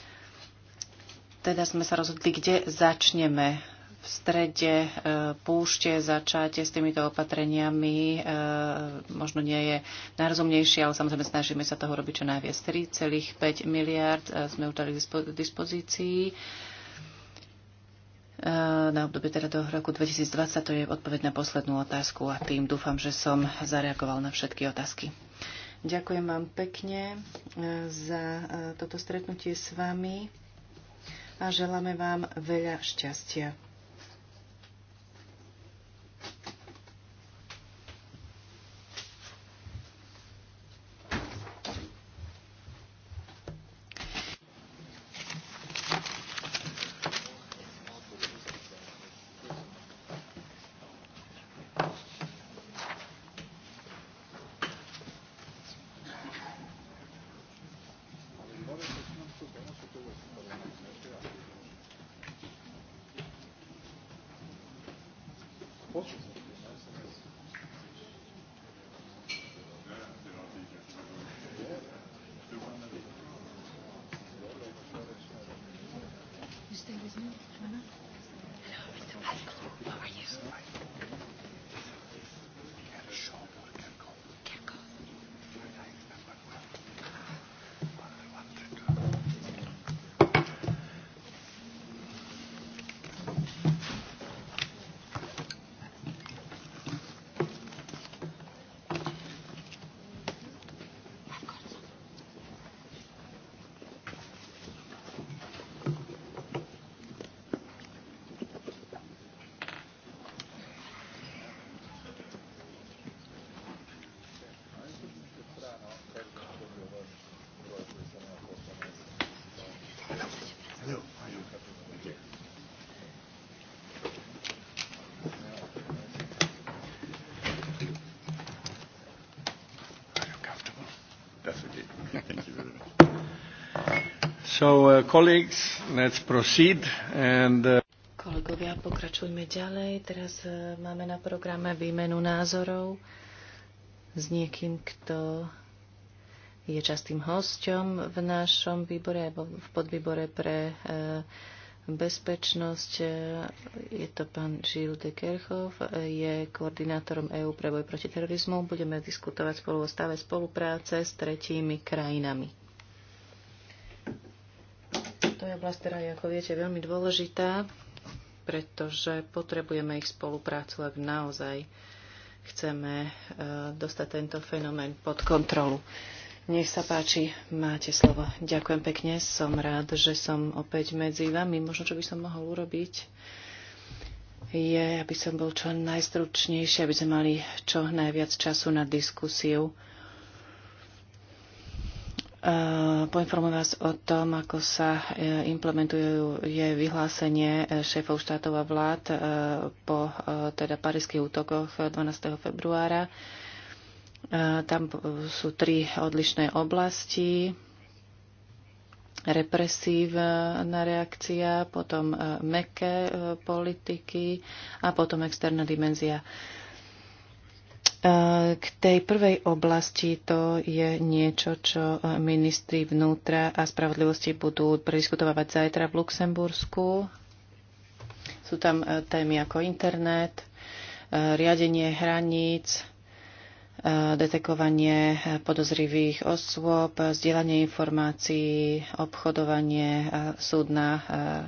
C: teda sme sa rozhodli, kde začneme. V strede e, púšte začať s týmito opatreniami e, možno nie je najrozumnejšie, ale samozrejme snažíme sa toho robiť čo najviac. 3,5 miliard e, sme udali k dispozícii na obdobie teda do roku 2020. To je odpoveď na poslednú otázku a tým dúfam, že som zareagoval na všetky otázky. Ďakujem vám pekne za toto stretnutie s vami a želáme vám veľa šťastia.
A: So, uh, colleagues, let's proceed and, uh...
C: Kolegovia, pokračujme ďalej. Teraz uh, máme na programe výmenu názorov s niekým, kto je častým hosťom v našom výbore alebo v podvýbore pre uh, bezpečnosť. Uh, je to pán Žil de Kerchov, uh, je koordinátorom EÚ pre boj proti terorizmu. Budeme diskutovať spolu o stave spolupráce s tretími krajinami oblasť, ktorá je, ako viete, veľmi dôležitá, pretože potrebujeme ich spoluprácu, ak naozaj chceme e, dostať tento fenomén pod kontrolu. Nech sa páči, máte slovo. Ďakujem pekne, som rád, že som opäť medzi vami. Možno, čo by som mohol urobiť, je, aby som bol čo najstručnejší, aby sme mali čo najviac času na diskusiu. Eh, poinformujem vás o tom, ako sa eh, implementujú je vyhlásenie eh, šéfov štátov a vlád po teda parížských útokoch 12. februára. Tam sú tri odlišné oblasti. Represívna reakcia, potom meké politiky a potom externá dimenzia. K tej prvej oblasti to je niečo, čo ministri vnútra a spravodlivosti budú prediskutovať zajtra v Luxembursku. Sú tam e, témy ako internet, e, riadenie hraníc, e, detekovanie podozrivých osôb, zdieľanie informácií, obchodovanie, súdna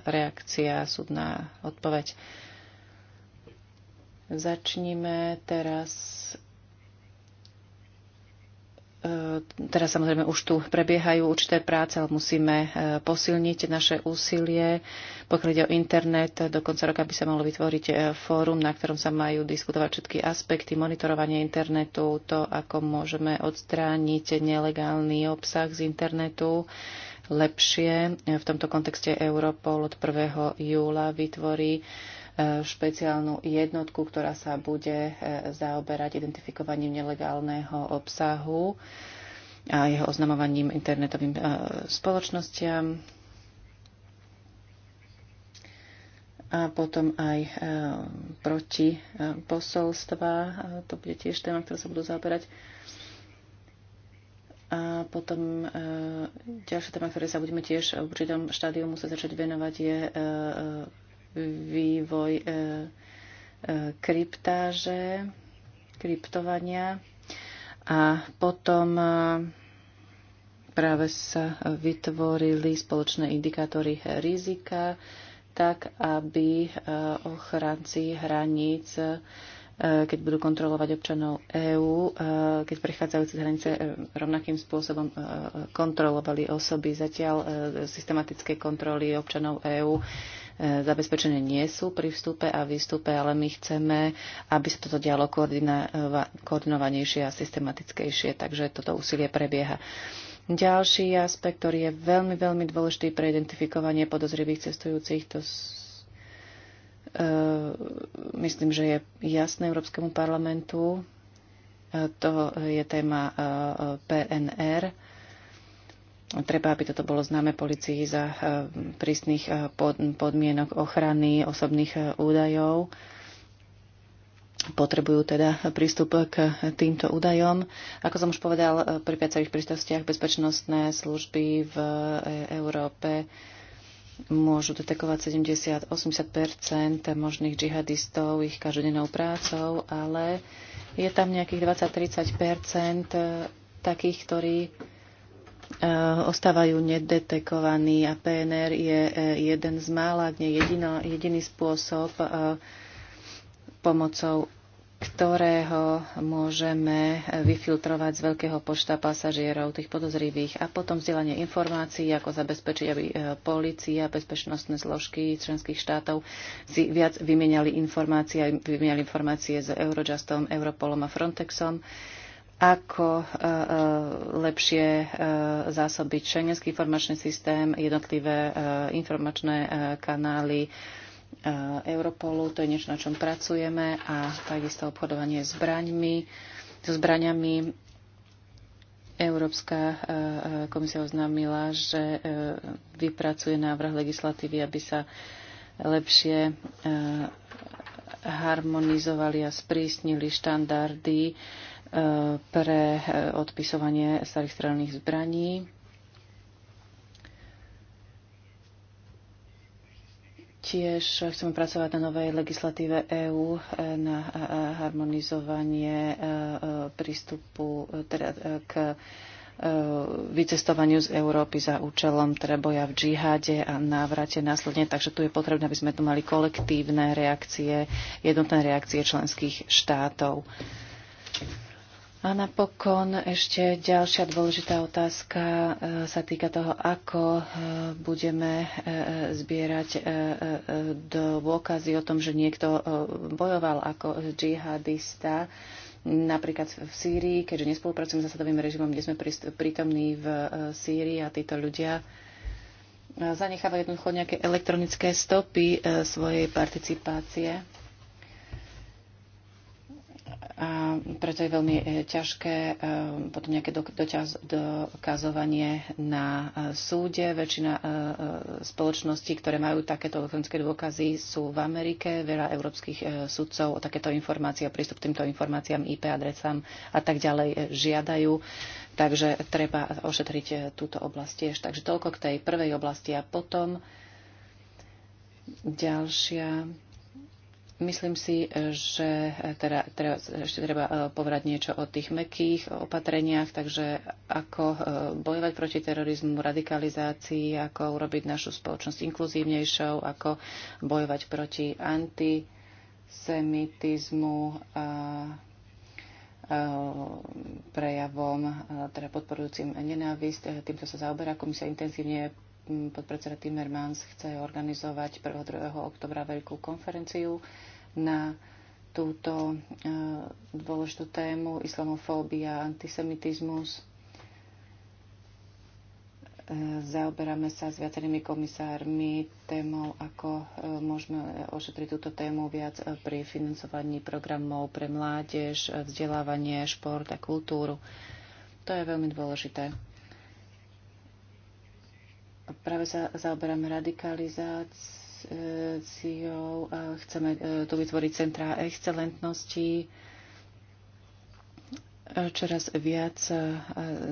C: reakcia, súdna odpoveď. Začnime teraz E, teraz samozrejme už tu prebiehajú určité práce, ale musíme e, posilniť naše úsilie. Pokiaľ ide o internet, do konca roka by sa malo vytvoriť e, fórum, na ktorom sa majú diskutovať všetky aspekty, monitorovania internetu, to, ako môžeme odstrániť nelegálny obsah z internetu lepšie. V tomto kontexte Europol od 1. júla vytvorí špeciálnu jednotku, ktorá sa bude e, zaoberať identifikovaním nelegálneho obsahu a jeho oznamovaním internetovým e, spoločnostiam a potom aj e, proti posolstva. To bude tiež téma, ktorá sa budú zaoberať. A potom e, ďalšia téma, ktoré sa budeme tiež v určitom štádiu musieť začať venovať, je e, vývoj e, e, kryptáže, kryptovania a potom e, práve sa vytvorili spoločné indikátory rizika, tak aby ochranci hraníc keď budú kontrolovať občanov EÚ, keď prechádzajú cez hranice rovnakým spôsobom kontrolovali osoby. Zatiaľ systematické kontroly občanov EÚ zabezpečené nie sú pri vstupe a výstupe, ale my chceme, aby sa toto dialo koordinovanejšie a systematickejšie, takže toto úsilie prebieha. Ďalší aspekt, ktorý je veľmi, veľmi dôležitý pre identifikovanie podozrivých cestujúcich, to e, myslím, že je jasné Európskemu parlamentu. E, to je téma e, PNR Treba, aby toto bolo známe policii za eh, prísnych eh, podmienok ochrany osobných eh, údajov. Potrebujú teda prístup k týmto údajom. Ako som už povedal, pri viacerých prístrostiach bezpečnostné služby v Európe môžu detekovať 70-80 možných džihadistov ich každodennou prácou, ale je tam nejakých 20-30 takých, ktorí Eh, ostávajú nedetekovaní a PNR je eh, jeden z mála, nie jedino, jediný spôsob, eh, pomocou ktorého môžeme vyfiltrovať z veľkého počta pasažierov, tých podozrivých a potom vzdielanie informácií, ako zabezpečiť, aby policia, bezpečnostné zložky členských štátov si viac vymieniali informácie, vymieniali informácie s Eurojustom, Europolom a Frontexom ako e, e, lepšie e, zásobiť šengenský informačný systém, jednotlivé informačné kanály Europolu, to je niečo, na čom pracujeme a takisto obchodovanie zbraňmi, so zbraňami. Európska komisia oznámila, že vypracuje návrh legislatívy, aby sa lepšie harmonizovali a sprísnili štandardy pre eh, odpisovanie starých strelných zbraní. Tiež chceme pracovať na novej legislatíve EÚ eh, na eh, harmonizovanie prístupu teda k vycestovaniu z Európy za účelom treboja teda v džihade a návrate následne. Takže tu je potrebné, aby sme tu mali kolektívne reakcie, jednotné reakcie členských štátov. A napokon ešte ďalšia dôležitá otázka e, sa týka toho, ako e, budeme e, zbierať dôkazy o tom, že niekto bojoval ako džihadista napríklad v Sýrii, keďže nespolupracujeme s Asadovým režimom, kde sme prítomní v Sýrii a títo ľudia zanechávajú jednoducho nejaké elektronické stopy svojej participácie a preto je veľmi e, ťažké e, potom nejaké dokazovanie na e, súde. Väčšina spoločností, ktoré majú takéto elektronické dôkazy, sú v Amerike. Veľa európskych sudcov o takéto informácie, o prístup k týmto informáciám, IP adresám a tak ďalej žiadajú. Takže treba ošetriť túto oblasť tiež. Takže toľko k tej prvej oblasti a potom ďalšia Myslím si, že teda, treba, ešte treba e, povedať niečo o tých mekých opatreniach, takže ako e, bojovať proti terorizmu, radikalizácii, ako urobiť našu spoločnosť inkluzívnejšou, ako bojovať proti antisemitizmu a e, prejavom, teda podporujúcim nenávisť. Týmto sa zaoberá komisia intenzívne podpredseda Timmermans chce organizovať 1. 2. oktobra veľkú konferenciu na túto e, dôležitú tému islamofóbia, antisemitizmus. E, zaoberáme sa s viacerými komisármi témou, ako e, môžeme ošetriť túto tému viac pri financovaní programov pre mládež, vzdelávanie, šport a kultúru. To je veľmi dôležité práve sa zaoberáme radikalizáciou, a chceme e, tu vytvoriť centrá excelentnosti. E, čoraz viac e,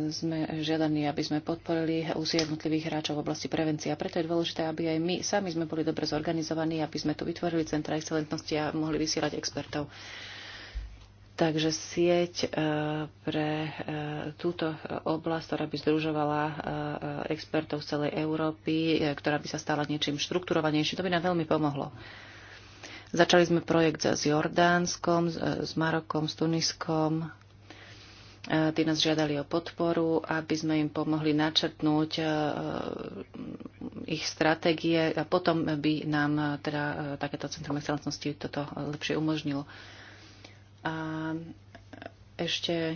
C: sme žiadaní, aby sme podporili úsilie jednotlivých hráčov v oblasti prevencie. A preto je dôležité, aby aj my sami sme boli dobre zorganizovaní, aby sme tu vytvorili centra excelentnosti a mohli vysielať expertov. Takže sieť e, pre e, túto oblasť, ktorá by združovala e, expertov z celej Európy, ktorá by sa stala niečím štrukturovanejším, to by nám veľmi pomohlo. Začali sme projekt s Jordánskom, s Marokom, s Tuniskom. Tí nás žiadali o podporu, aby sme im pomohli načrtnúť ich stratégie a potom by nám teda takéto centrum excelentnosti toto lepšie umožnilo. A ešte e,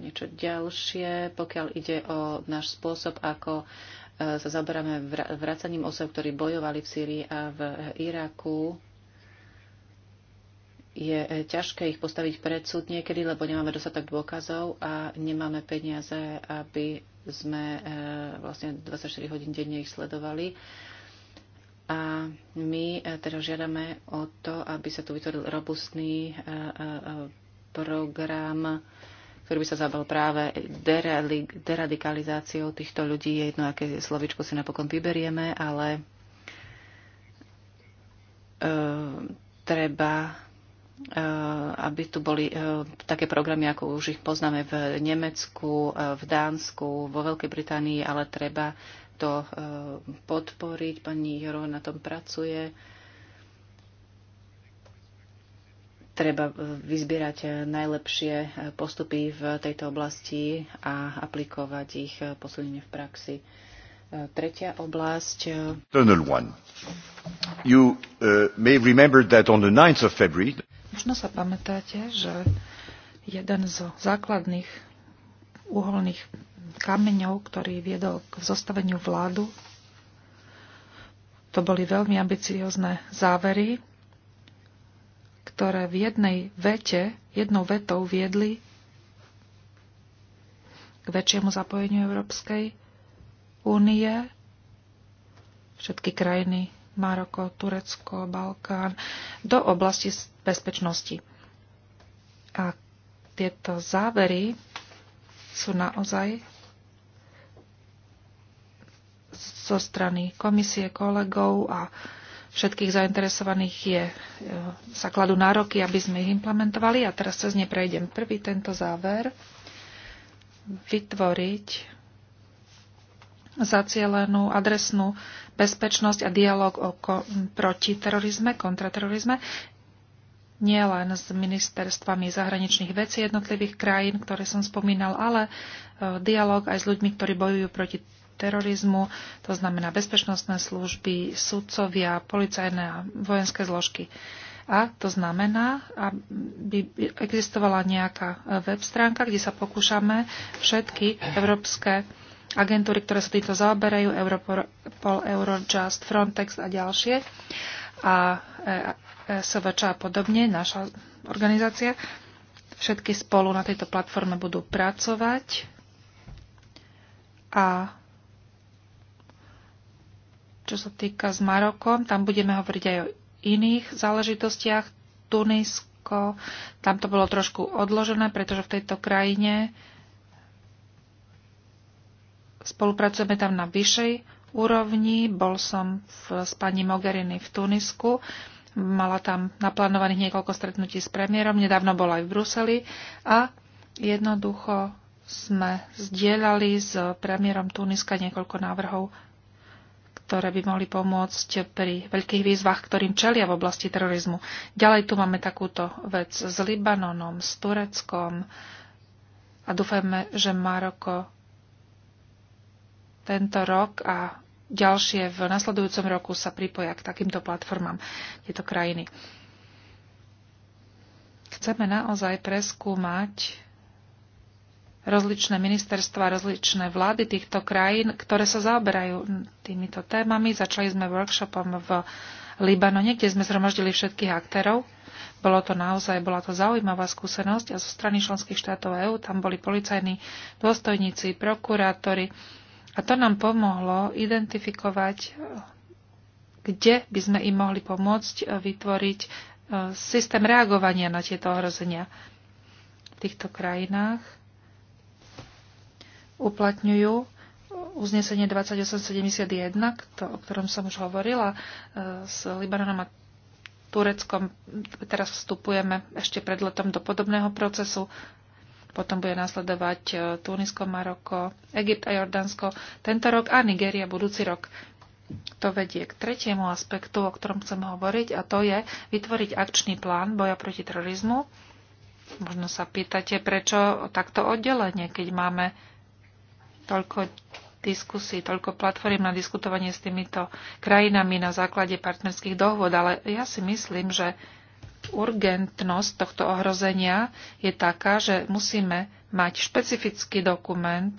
C: niečo ďalšie, pokiaľ ide o náš spôsob, ako e, sa zaberáme vracaním osob, ktorí bojovali v Sýrii a v Iraku. Je e, ťažké ich postaviť pred súd niekedy, lebo nemáme dostatok dôkazov a nemáme peniaze, aby sme e, vlastne 24 hodín denne ich sledovali. E, a my e, teda žiadame o to, aby sa tu vytvoril robustný e, e, program, ktorý by sa zabal práve deradikalizáciou týchto ľudí. Je jedno, aké slovičko si napokon vyberieme, ale treba, aby tu boli také programy, ako už ich poznáme v Nemecku, v Dánsku, vo Veľkej Británii, ale treba to e, podporiť. Pani Jorova na tom pracuje. Treba e, vyzbierať e, najlepšie postupy v tejto oblasti a aplikovať ich posunenie v praxi. Tretia oblasť. Tunnel 1. You uh, may remember that on the 9th of February...
B: Možno sa pamätáte, že jeden zo základných uholných kameňov, ktorý viedol k zostaveniu vládu. To boli veľmi ambiciozne závery, ktoré v jednej vete, jednou vetou viedli k väčšiemu zapojeniu Európskej únie. Všetky krajiny Maroko, Turecko, Balkán, do oblasti bezpečnosti. A tieto závery sú naozaj zo strany komisie, kolegov a všetkých zainteresovaných je, e, sa kladú nároky, aby sme ich implementovali. A teraz cez ne prejdem. Prvý tento záver vytvoriť zacielenú adresnú bezpečnosť a dialog o ko- proti terorizme, kontraterorizme, nielen s ministerstvami zahraničných vecí jednotlivých krajín, ktoré som spomínal, ale e, dialog aj s ľuďmi, ktorí bojujú proti terorizmu, to znamená bezpečnostné služby, sudcovia, policajné a vojenské zložky. A to znamená, aby existovala nejaká web stránka, kde sa pokúšame všetky európske agentúry, ktoré sa týmto zaoberajú, Europol, Eurojust, Frontex a ďalšie, a e SVČ a podobne, naša organizácia, všetky spolu na tejto platforme budú pracovať a čo sa týka s Marokom, tam budeme hovoriť aj o iných záležitostiach. Tunisko, tam to bolo trošku odložené, pretože v tejto krajine spolupracujeme tam na vyššej úrovni. Bol som v, s pani Mogherini v Tunisku. Mala tam naplánovaných niekoľko stretnutí s premiérom. Nedávno bola aj v Bruseli. A jednoducho sme zdieľali s premiérom Tuniska niekoľko návrhov ktoré by mohli pomôcť pri veľkých výzvach, ktorým čelia v oblasti terorizmu. Ďalej tu máme takúto vec s Libanonom, s Tureckom a dúfajme, že Maroko tento rok a ďalšie v nasledujúcom roku sa pripoja k takýmto platformám tieto krajiny. Chceme naozaj preskúmať rozličné ministerstva, rozličné vlády týchto krajín, ktoré sa zaoberajú týmito témami. Začali sme workshopom v Libanone, kde sme zhromaždili všetkých aktérov. Bolo to naozaj, bola to zaujímavá skúsenosť a zo strany členských štátov EÚ tam boli policajní dôstojníci, prokurátori a to nám pomohlo identifikovať, kde by sme im mohli pomôcť eh, vytvoriť eh, systém reagovania na tieto ohrozenia v týchto krajinách uplatňujú uznesenie 2871, o ktorom som už hovorila, e, s Libanonom a Tureckom teraz vstupujeme ešte pred letom do podobného procesu. Potom bude nasledovať e, Tunisko, Maroko, Egypt a Jordánsko tento rok a Nigéria budúci rok. To vedie k tretiemu aspektu, o ktorom chcem hovoriť, a to je vytvoriť akčný plán boja proti terorizmu. Možno sa pýtate, prečo takto oddelenie, keď máme toľko diskusí, toľko platform na diskutovanie s týmito krajinami na základe partnerských dohôd, ale ja si myslím, že urgentnosť tohto ohrozenia je taká, že musíme mať špecifický dokument,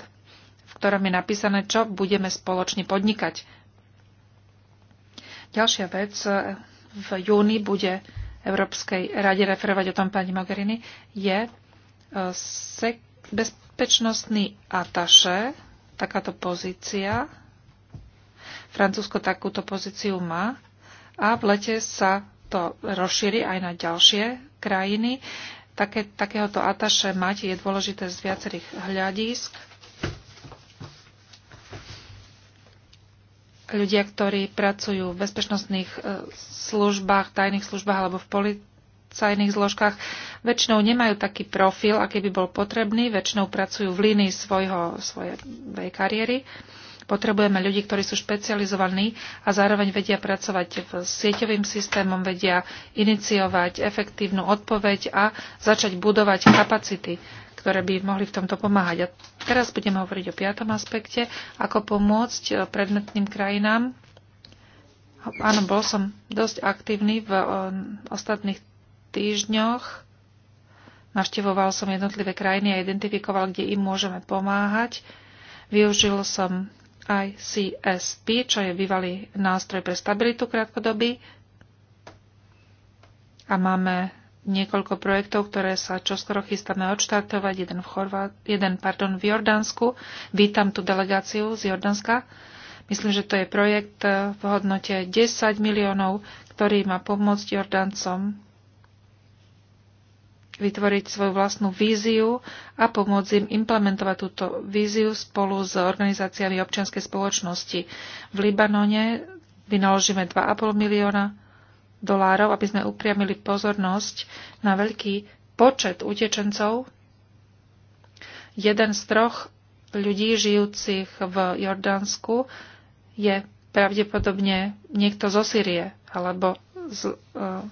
B: v ktorom je napísané, čo budeme spoločne podnikať. Ďalšia vec, v júni bude Európskej rade referovať o tom pani Mogherini, je eh, bez- bezpečnostný ataše, takáto pozícia. Francúzsko takúto pozíciu má a v lete sa to rozšíri aj na ďalšie krajiny. Také, takéhoto ataše mať je dôležité z viacerých hľadísk. Ľudia, ktorí pracujú v bezpečnostných e, službách, tajných službách alebo v politi- policajných zložkách väčšinou nemajú taký profil, aký by bol potrebný, väčšinou pracujú v línii svojho, svojej kariéry. Potrebujeme ľudí, ktorí sú špecializovaní a zároveň vedia pracovať s sieťovým systémom, vedia iniciovať efektívnu odpoveď a začať budovať kapacity, ktoré by mohli v tomto pomáhať. A teraz budeme hovoriť o piatom aspekte, ako pomôcť predmetným krajinám. Áno, bol som dosť aktívny v eh, ostatných týždňoch. Navštevoval som jednotlivé krajiny a identifikoval, kde im môžeme pomáhať. Využil som ICSP, čo je bývalý nástroj pre stabilitu krátkodoby. A máme niekoľko projektov, ktoré sa čoskoro chystáme odštartovať. Jeden v, Chorvá... jeden, pardon, v Jordánsku. Vítam tú delegáciu z Jordánska. Myslím, že to je projekt eh, v hodnote 10 miliónov, ktorý má pomôcť Jordáncom vytvoriť svoju vlastnú víziu a pomôcť im implementovať túto víziu spolu s organizáciami občianskej spoločnosti. V Libanone vynaložíme 2,5 milióna dolárov, aby sme upriamili pozornosť na veľký počet utečencov. Jeden z troch ľudí žijúcich v Jordánsku je pravdepodobne niekto zo Syrie alebo z eh,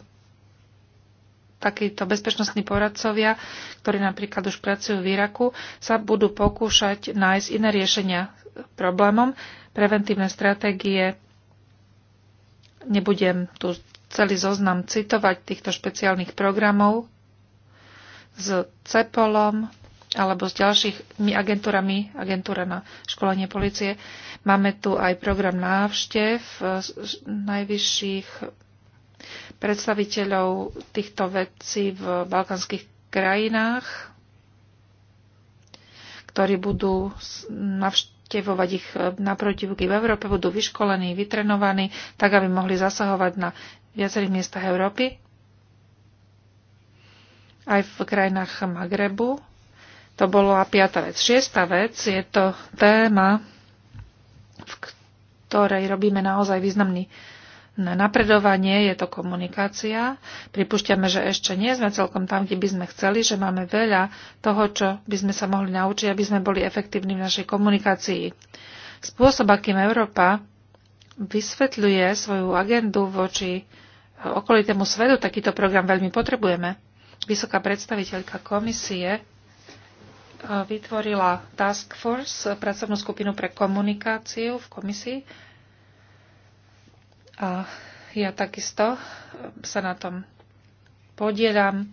B: takíto bezpečnostní poradcovia, ktorí napríklad už pracujú v Iraku, sa budú pokúšať nájsť iné riešenia problémom, preventívne stratégie. Nebudem tu celý zoznam citovať týchto špeciálnych programov s CEPOLom alebo s ďalšími agentúrami, agentúra na školenie policie. Máme tu aj program návštev eh, najvyšších predstaviteľov týchto vecí v balkanských krajinách, ktorí budú navštevovať ich e, naprotivky v Európe, budú vyškolení, vytrenovaní, tak aby mohli zasahovať na viacerých miestach Európy, aj v krajinách Magrebu. To bola piata vec. Šiesta vec je to téma, v ktorej robíme naozaj významný na napredovanie, je to komunikácia. Pripúšťame, že ešte nie sme celkom tam, kde by sme chceli, že máme veľa toho, čo by sme sa mohli naučiť, aby sme boli efektívni v našej komunikácii. Spôsob, akým Európa vysvetľuje svoju agendu voči okolitému svetu, takýto program veľmi potrebujeme. Vysoká predstaviteľka komisie e, vytvorila Task Force, pracovnú skupinu pre komunikáciu v komisii, a ja takisto sa na tom podielam,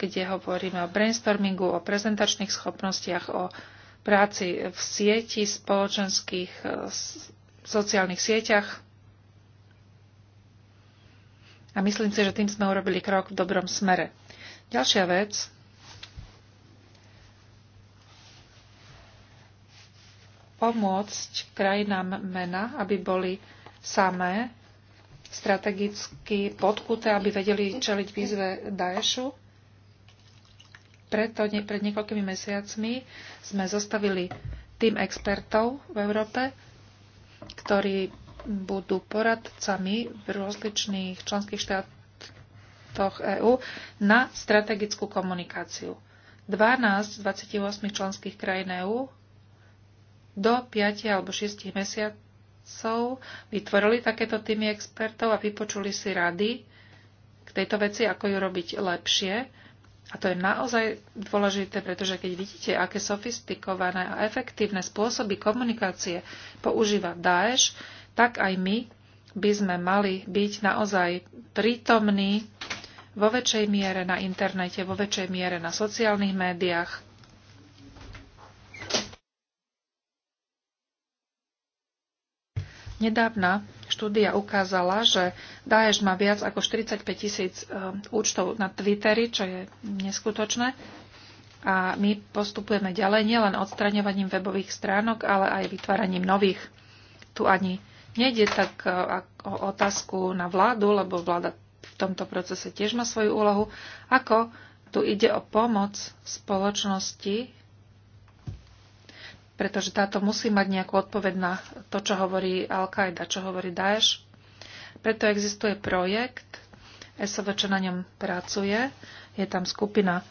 B: kde hovoríme o brainstormingu, o prezentačných schopnostiach, o práci v sieti, spoločenských, e, sociálnych sieťach. A myslím si, že tým sme urobili krok v dobrom smere. Ďalšia vec, pomôcť krajinám mena, aby boli samé strategicky podkuté, aby vedeli čeliť výzve Daešu. Preto ne, pred niekoľkými mesiacmi sme zostavili tým expertov v Európe, ktorí budú poradcami v rozličných členských štátoch EÚ na strategickú komunikáciu. 12 z 28 členských krajín EÚ do 5 alebo 6 mesiacov poradcov, vytvorili takéto týmy expertov a vypočuli si rady k tejto veci, ako ju robiť lepšie. A to je naozaj dôležité, pretože keď vidíte, aké sofistikované a efektívne spôsoby komunikácie používa Daesh, tak aj my by sme mali byť naozaj prítomní vo väčšej miere na internete, vo väčšej miere na sociálnych médiách, Nedávna štúdia ukázala, že Daesh má viac ako 45 tisíc e, účtov na Twitteri, čo je neskutočné. A my postupujeme ďalej nielen odstraňovaním webových stránok, ale aj vytváraním nových. Tu ani nejde tak e, o otázku na vládu, lebo vláda v tomto procese tiež má svoju úlohu, ako tu ide o pomoc spoločnosti pretože táto musí mať nejakú odpoveď na to, čo hovorí Al-Qaida, čo hovorí Daesh. Preto existuje projekt, SOVČ na ňom pracuje, je tam skupina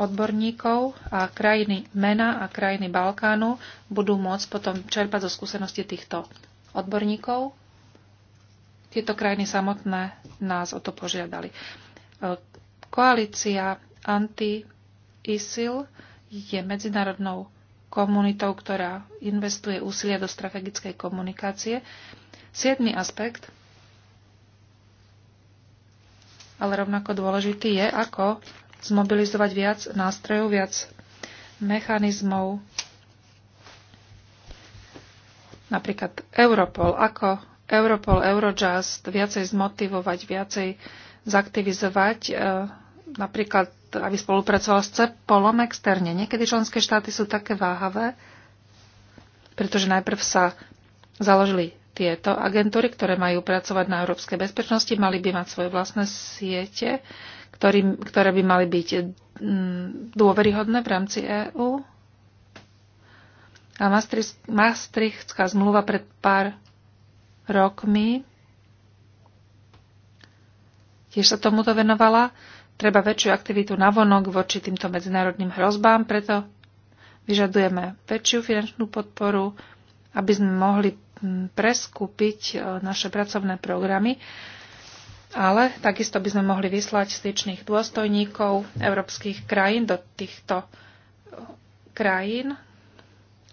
B: odborníkov a krajiny MENA a krajiny Balkánu budú môcť potom čerpať zo skúsenosti týchto odborníkov. Tieto krajiny samotné nás o to požiadali. E, koalícia anti-ISIL je medzinárodnou komunitou, ktorá investuje úsilie do strategickej komunikácie. Siedmy aspekt, ale rovnako dôležitý je, ako zmobilizovať viac nástrojov, viac mechanizmov, napríklad Europol, ako Europol, Eurojust viacej zmotivovať, viacej zaktivizovať, eh, napríklad aby spolupracoval s CEPOLom externe. Niekedy členské štáty sú také váhavé, pretože najprv sa založili tieto agentúry, ktoré majú pracovať na európskej bezpečnosti, mali by mať svoje vlastné siete, ktorý, ktoré by mali byť mm, dôveryhodné v rámci EÚ. A Maastrichtská zmluva pred pár rokmi tiež sa tomuto venovala. Treba väčšiu aktivitu navonok voči týmto medzinárodným hrozbám, preto vyžadujeme väčšiu finančnú podporu, aby sme mohli mm, preskúpiť e, naše pracovné programy, ale takisto by sme mohli vyslať styčných dôstojníkov európskych krajín do týchto e, krajín.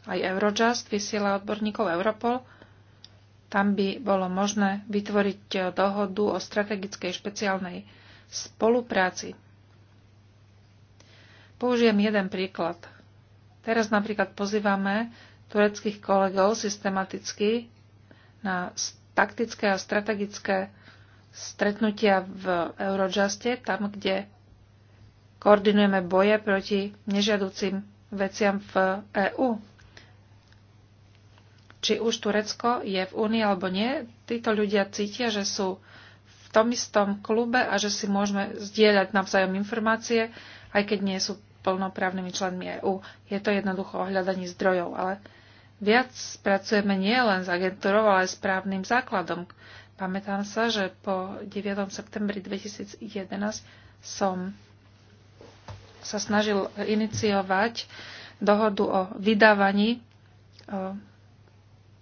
B: Aj Eurojust vysiela odborníkov Europol. Tam by bolo možné vytvoriť e, dohodu o strategickej špeciálnej spolupráci. Použijem jeden príklad. Teraz napríklad pozývame tureckých kolegov systematicky na taktické a strategické stretnutia v Eurojuste, tam, kde koordinujeme boje proti nežiaducim veciam v EÚ. Či už Turecko je v Únii alebo nie, títo ľudia cítia, že sú tom istom klube a že si môžeme zdieľať navzájom informácie, aj keď nie sú plnoprávnymi členmi EÚ. Je to jednoducho o hľadaní zdrojov, ale viac pracujeme nie len s agentúrou, ale aj s právnym základom. Pamätám sa, že po 9. septembri 2011 som sa snažil iniciovať dohodu o vydávaní e,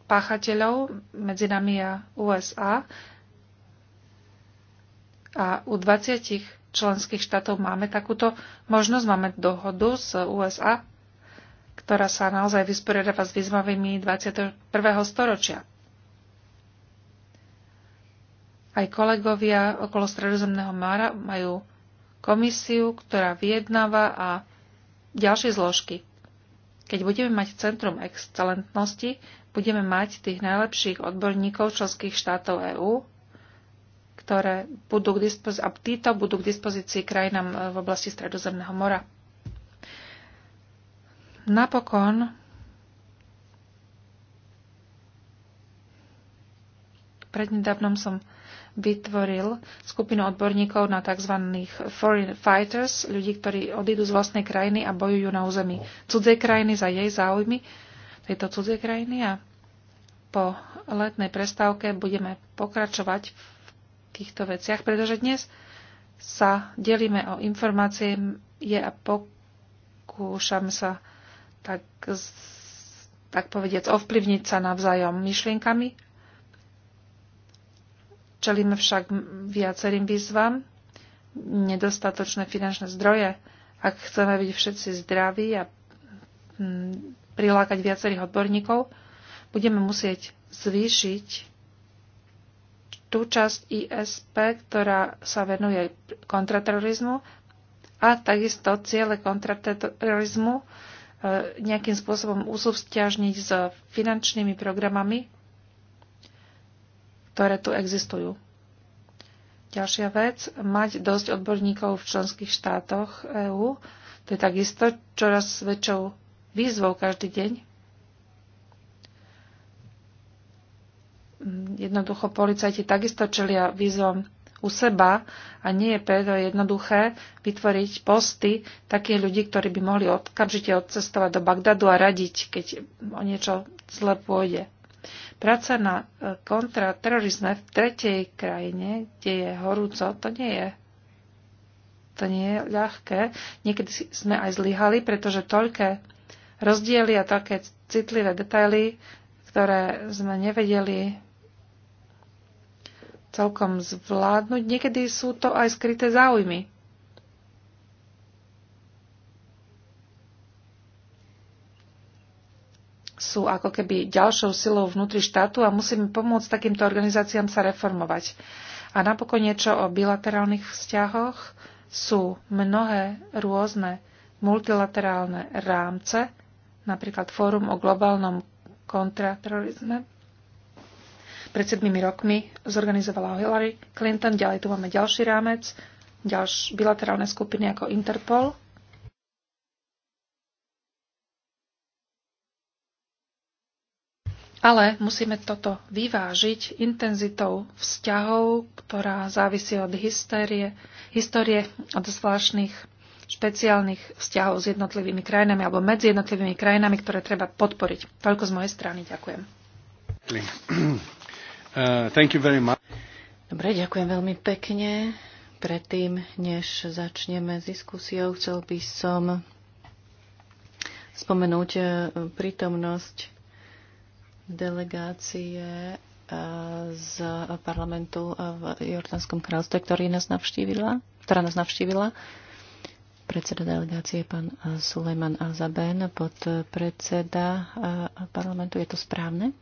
B: páchateľov medzi nami a USA. A u 20 členských štátov máme takúto možnosť, máme dohodu z USA, ktorá sa naozaj vysporiadáva s výzvavými 21. storočia. Aj kolegovia okolo Stredozemného mára majú komisiu, ktorá vyjednáva a ďalšie zložky. Keď budeme mať Centrum excelentnosti, budeme mať tých najlepších odborníkov členských štátov EÚ, ktoré budú k dispozícii, a títo budú k dispozícii krajinám e, v oblasti Stredozemného mora. Napokon prednedávnom som vytvoril skupinu odborníkov na tzv. foreign fighters, ľudí, ktorí odídu z vlastnej krajiny a bojujú na území cudzej krajiny za jej záujmy tejto cudzej krajiny a po letnej prestávke budeme pokračovať v takýchto veciach, pretože dnes sa delíme o informácie a pokúšam sa tak, tak povediac ovplyvniť sa navzájom myšlienkami. Čelíme však viacerým výzvam, nedostatočné finančné zdroje. Ak chceme byť všetci zdraví a mm, prilákať viacerých odborníkov, budeme musieť zvýšiť tú časť ISP, ktorá sa venuje kontraterorizmu a takisto ciele kontraterorizmu e, nejakým spôsobom usúvzťažniť s finančnými programami, ktoré tu existujú. Ďalšia vec, mať dosť odborníkov v členských štátoch EÚ, to je takisto čoraz väčšou výzvou každý deň. Mm, jednoducho policajti takisto čelia výzvom u seba a nie je preto jednoduché vytvoriť posty takých ľudí, ktorí by mohli okamžite odcestovať do Bagdadu a radiť, keď o niečo zle pôjde. Práca na e, kontraterorizme v tretej krajine, kde je horúco, to nie je to nie je ľahké. Niekedy sme aj zlyhali, pretože toľké rozdiely a také citlivé detaily, ktoré sme nevedeli celkom zvládnuť. Niekedy sú to aj skryté záujmy. Sú ako keby ďalšou silou vnútri štátu a musíme pomôcť takýmto organizáciám sa reformovať. A napokon niečo o bilaterálnych vzťahoch. Sú mnohé rôzne multilaterálne rámce, napríklad Fórum o globálnom kontraterorizme, pred 7 rokmi zorganizovala Hillary Clinton. Ďalej tu máme ďalší rámec, ďalšie bilaterálne skupiny ako Interpol. Ale musíme toto vyvážiť intenzitou vzťahov, ktorá závisí od histérie, histórie, od zvláštnych špeciálnych vzťahov s jednotlivými krajinami alebo medzi jednotlivými krajinami, ktoré
C: treba podporiť. Toľko z mojej strany. Ďakujem. Uh, thank you very much. Dobre, ďakujem veľmi pekne. Predtým, než začneme s diskusiou, chcel by som spomenúť uh, prítomnosť delegácie uh, z parlamentu v Jordánskom kráľstve, ktorý nás navštívila, ktorá nás navštívila. Predseda delegácie pán Sulejman Azaben, podpredseda parlamentu. Je to správne?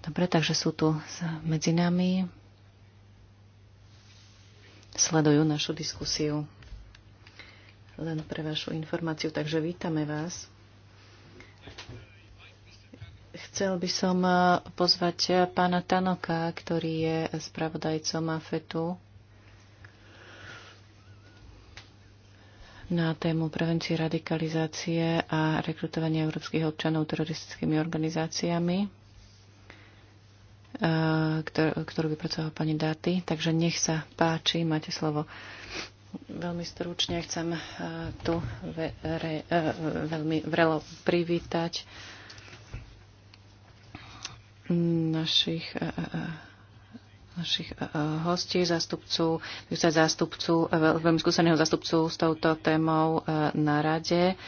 C: Dobre, takže sú tu medzi nami. Sledujú našu diskusiu. Len pre vašu informáciu, takže vítame vás. Chcel by som e, pozvať e, pána Tanoka, ktorý je spravodajcom AFETu na tému prevencie radikalizácie a rekrutovania európskych občanov teroristickými organizáciami. Eh, ktorú vypracovala pani Dáty. Takže nech sa páči, máte slovo. Veľmi stručne chcem eh, tu ve- re- eh, veľmi vrelo privítať našich našich hostí, zástupcu, zástupcu, veľmi skúseného zástupcu s touto témou na rade.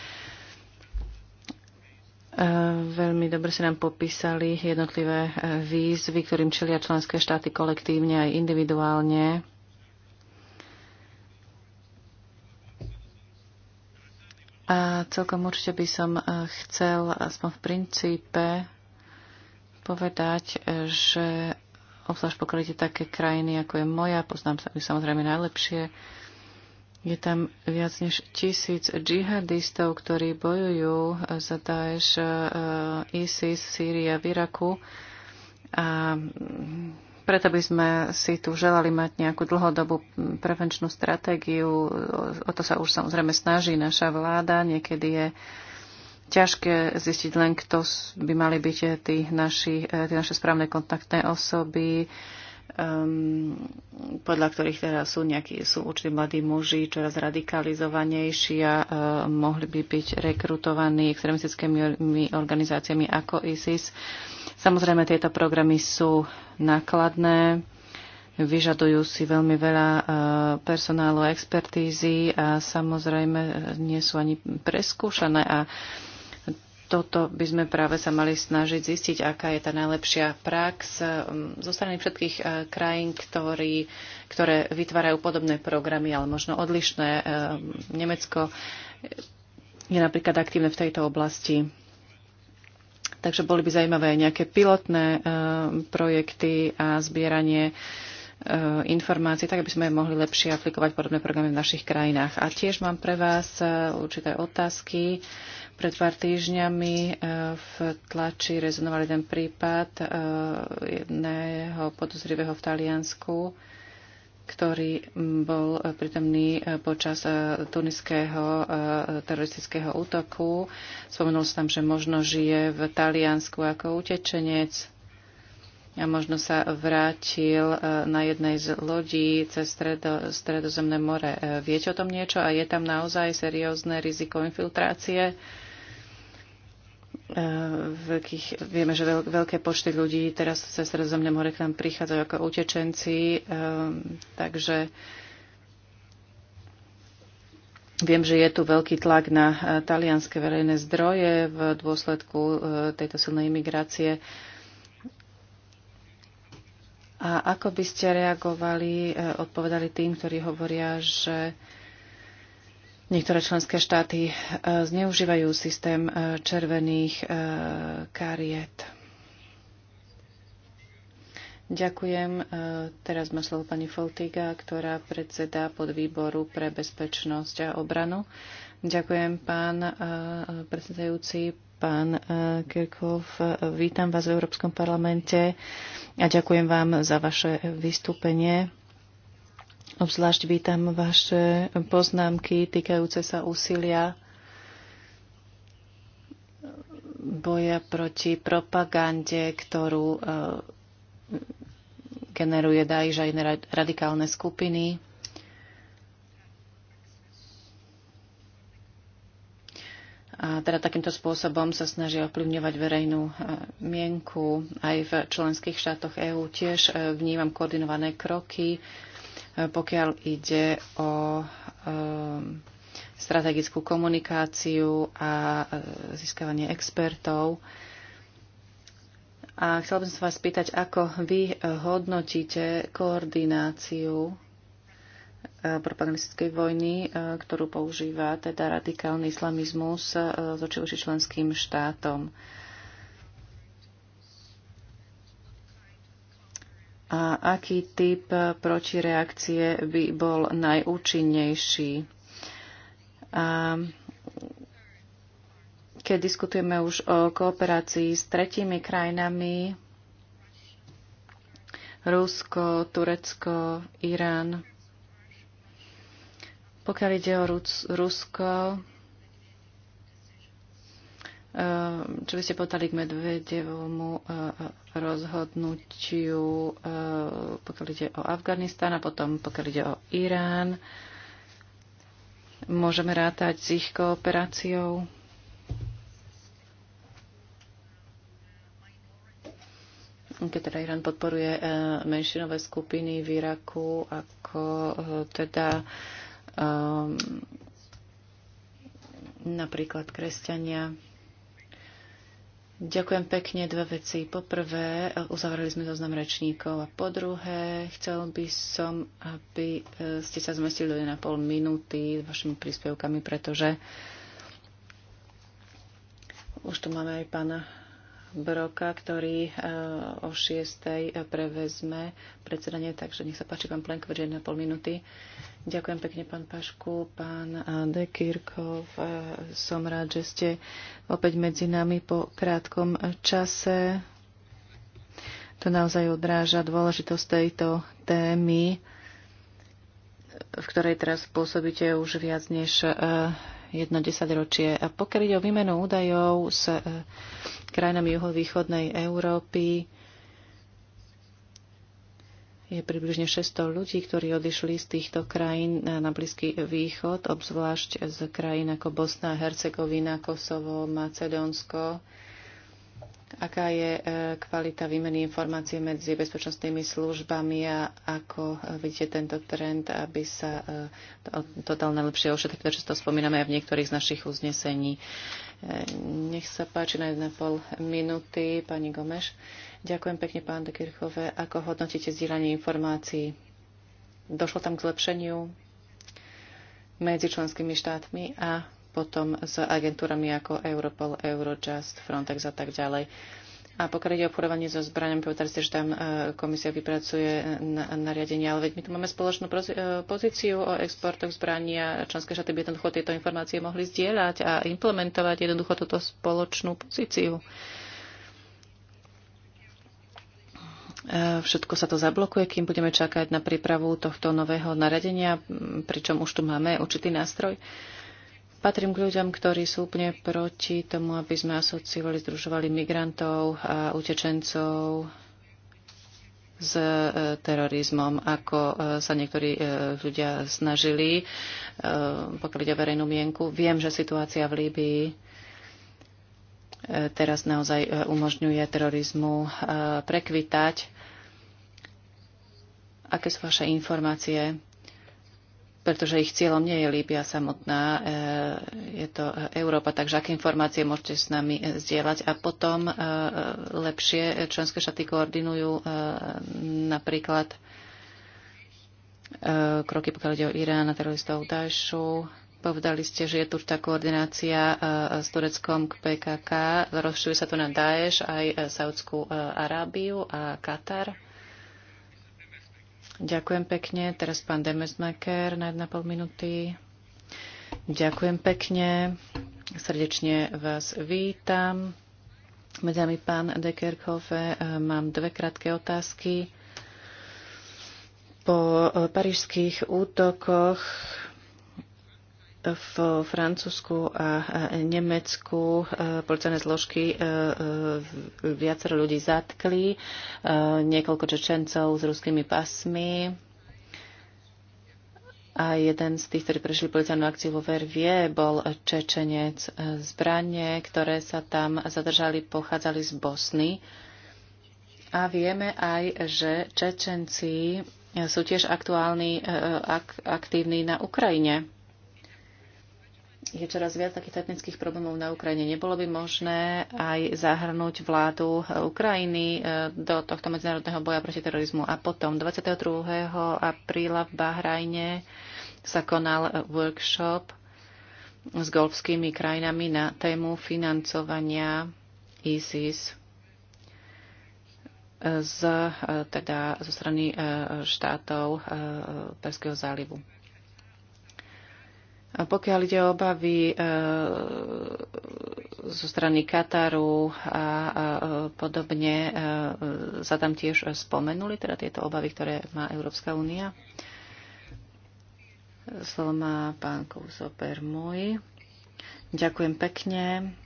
C: E, veľmi dobre si nám popísali jednotlivé e, výzvy, ktorým čelia členské štáty kolektívne aj individuálne. A celkom určite by som e, chcel aspoň v princípe povedať, že obzvlášť pokrytie také krajiny, ako je moja, poznám sa samozrejme najlepšie, je tam viac než tisíc džihadistov, ktorí bojujú za Daesh, eh, ISIS, Sýria, v Iraku. A preto by sme si tu želali mať nejakú dlhodobú prevenčnú stratégiu. O to sa už samozrejme snaží naša vláda. Niekedy je ťažké zistiť len, kto by mali byť eh, tie naše správne kontaktné osoby um, podľa ktorých teraz sú, nejakí, sú určití mladí muži čoraz radikalizovanejší a uh, mohli by byť rekrutovaní extremistickými organizáciami ako ISIS. Samozrejme, tieto programy sú nákladné, vyžadujú si veľmi veľa uh, personálu a expertízy a samozrejme nie sú ani preskúšané a uh, toto by sme práve sa mali snažiť zistiť, aká je tá najlepšia prax um, zo strany všetkých uh, krajín, ktorý, ktoré vytvárajú podobné programy, ale možno odlišné. Um, Nemecko je napríklad aktívne v tejto oblasti. Takže boli by zaujímavé aj nejaké pilotné uh, projekty a zbieranie Eh, informácií, tak aby sme mohli lepšie aplikovať podobné programy v našich krajinách. A tiež mám pre vás eh, určité otázky. Pred pár týždňami eh, v tlači rezonoval jeden prípad jedného podozrivého v Taliansku, ktorý mm, bol pritomný počas tuniského teroristického útoku. Spomenul sa tam, že možno žije v Taliansku ako utečenec a možno sa vrátil e, na jednej z lodí cez stredo, Stredozemné more. E, viete o tom niečo a je tam naozaj seriózne riziko infiltrácie? E, veľkých, vieme, že veľké počty ľudí teraz cez Stredozemné more k nám prichádzajú ako utečenci, takže Viem, že je tu veľký tlak na talianské verejné zdroje v dôsledku tejto silnej imigrácie. A ako by ste reagovali, e, odpovedali tým, ktorí hovoria, že Niektoré členské štáty e, zneužívajú systém e, červených kariet. Ďakujem. Teraz má slovo pani Foltiga, ktorá predseda pod výboru pre bezpečnosť a obranu. Ďakujem, pán predsedajúci. Pán eh, Kirchhoff, vítam vás v Európskom parlamente a ďakujem vám za vaše vystúpenie. Obzvlášť vítam vaše poznámky týkajúce sa úsilia boja proti propagande, ktorú eh, generuje Daesh aj radikálne skupiny A teda takýmto spôsobom sa snaží ovplyvňovať verejnú e, mienku. Aj v členských štátoch EÚ tiež e, vnímam koordinované kroky, e, pokiaľ ide o strategickú komunikáciu a získavanie expertov. A chcela by som sa vás spýtať, ako vy hodnotíte koordináciu propagandistickej vojny, e, ktorú používa teda radikálny islamizmus e, zoči voči členským štátom. A aký typ protireakcie by bol najúčinnejší? A keď diskutujeme už o kooperácii s tretími krajinami, Rusko, Turecko, Irán, pokiaľ ide o Rusko, eh, čo by ste povedali k Medvedevomu eh, rozhodnutiu, eh, pokiaľ ide o Afganistán a potom pokiaľ ide o Irán. Môžeme rátať s ich kooperáciou? keď teda Irán podporuje menšinové skupiny v Iraku, ako teda um, napríklad kresťania. Ďakujem pekne dve veci. Poprvé, uzavreli sme zoznam rečníkov a po druhé, chcel by som, aby e, ste sa zmestili do 1,5 minúty s vašimi príspevkami, pretože už tu máme aj pána Broka, ktorý e, o 6. E, prevezme predsedanie, takže nech sa páči pán Plenkovič, 1,5 minúty. Ďakujem pekne, pán Pašku, pán e, Dekirkov. Som rád, že ste opäť medzi nami po krátkom čase. To naozaj odráža dôležitosť tejto témy, v ktorej teraz pôsobíte už viac než jedno desaťročie. A pokiaľ ide o výmenu údajov s e, krajinami juhovýchodnej Európy, je približne 600 ľudí, ktorí odišli z týchto krajín e, na Blízky východ, obzvlášť z krajín ako Bosna, Hercegovina, Kosovo, Macedónsko aká je e, kvalita výmeny informácií medzi bezpečnostnými službami a ako e, vidíte tento trend, aby sa e, to dal najlepšie ošetriť, pretože to spomíname aj v niektorých z našich uznesení. Nech sa páči na 1,5 minúty, pani Gomeš. Ďakujem pekne, pán Kirchove. Ako hodnotíte zdieľanie informácií? Došlo tam k zlepšeniu medzi členskými štátmi a potom s agentúrami ako Europol, Eurojust, Frontex a tak ďalej. A pokiaľ ide obchodovanie so zbraniami, povedali ste, že tam e, komisia vypracuje nariadenie, na ale veď my tu máme spoločnú e, pozíciu o exportoch zbraní a členské štáty by jednoducho tieto informácie mohli zdieľať a implementovať jednoducho túto spoločnú pozíciu. E, všetko sa to zablokuje, kým budeme čakať na prípravu tohto nového nariadenia, pričom už tu máme určitý nástroj. Uh, Patrím k ľuďom, ktorí sú úplne proti tomu, aby sme asociovali, združovali migrantov a utečencov s e, terorizmom, ako e, sa niektorí e, ľudia snažili, pokiaľ ide verejnú mienku. Viem, že situácia v Líbii teraz naozaj umožňuje terorizmu prekvitať. Aké sú vaše informácie? pretože ich cieľom nie je Líbia samotná, e, je to e, Európa, takže aké informácie môžete s nami e, zdieľať. A potom lepšie členské štáty koordinujú napríklad kroky, pokiaľ ide o Irán a teroristov Dajšu. Povedali ste, že je tu tá koordinácia s Tureckom k PKK. Rozšuje sa to na Daesh, aj Saudskú Arábiu a Katar. Ďakujem pekne. Teraz pán Demesmaker na 1,5 minúty. Ďakujem pekne. Srdečne vás vítam. Medzi nami pán Dekerkhofe. Eh, mám dve krátke otázky. Po eh, parížských útokoch v Francúzsku a Nemecku e, policajné zložky e, e, viacero ľudí zatkli, niekoľko Čečencov s ruskými pasmi a jeden z tých, ktorí prešli policajnú akciu vo Vervie, bol Čečenec. Zbranie, ktoré sa tam zadržali, pochádzali z Bosny. A vieme aj, že Čečenci sú tiež aktuálni, ak, aktívni na Ukrajine je čoraz viac takých etnických problémov na Ukrajine. Nebolo by možné aj zahrnúť vládu Ukrajiny e, do tohto medzinárodného boja proti terorizmu. A potom 22. apríla v Bahrajne sa konal e, workshop s golfskými krajinami na tému financovania ISIS e, z, teda, zo strany štátov Perského zálivu. Pokiaľ ide o obavy e, zo strany Kataru a e, podobne, e, sa tam tiež spomenuli, teda tieto obavy, ktoré má Európska únia. Slovo má pán Kousoper môj. Ďakujem pekne.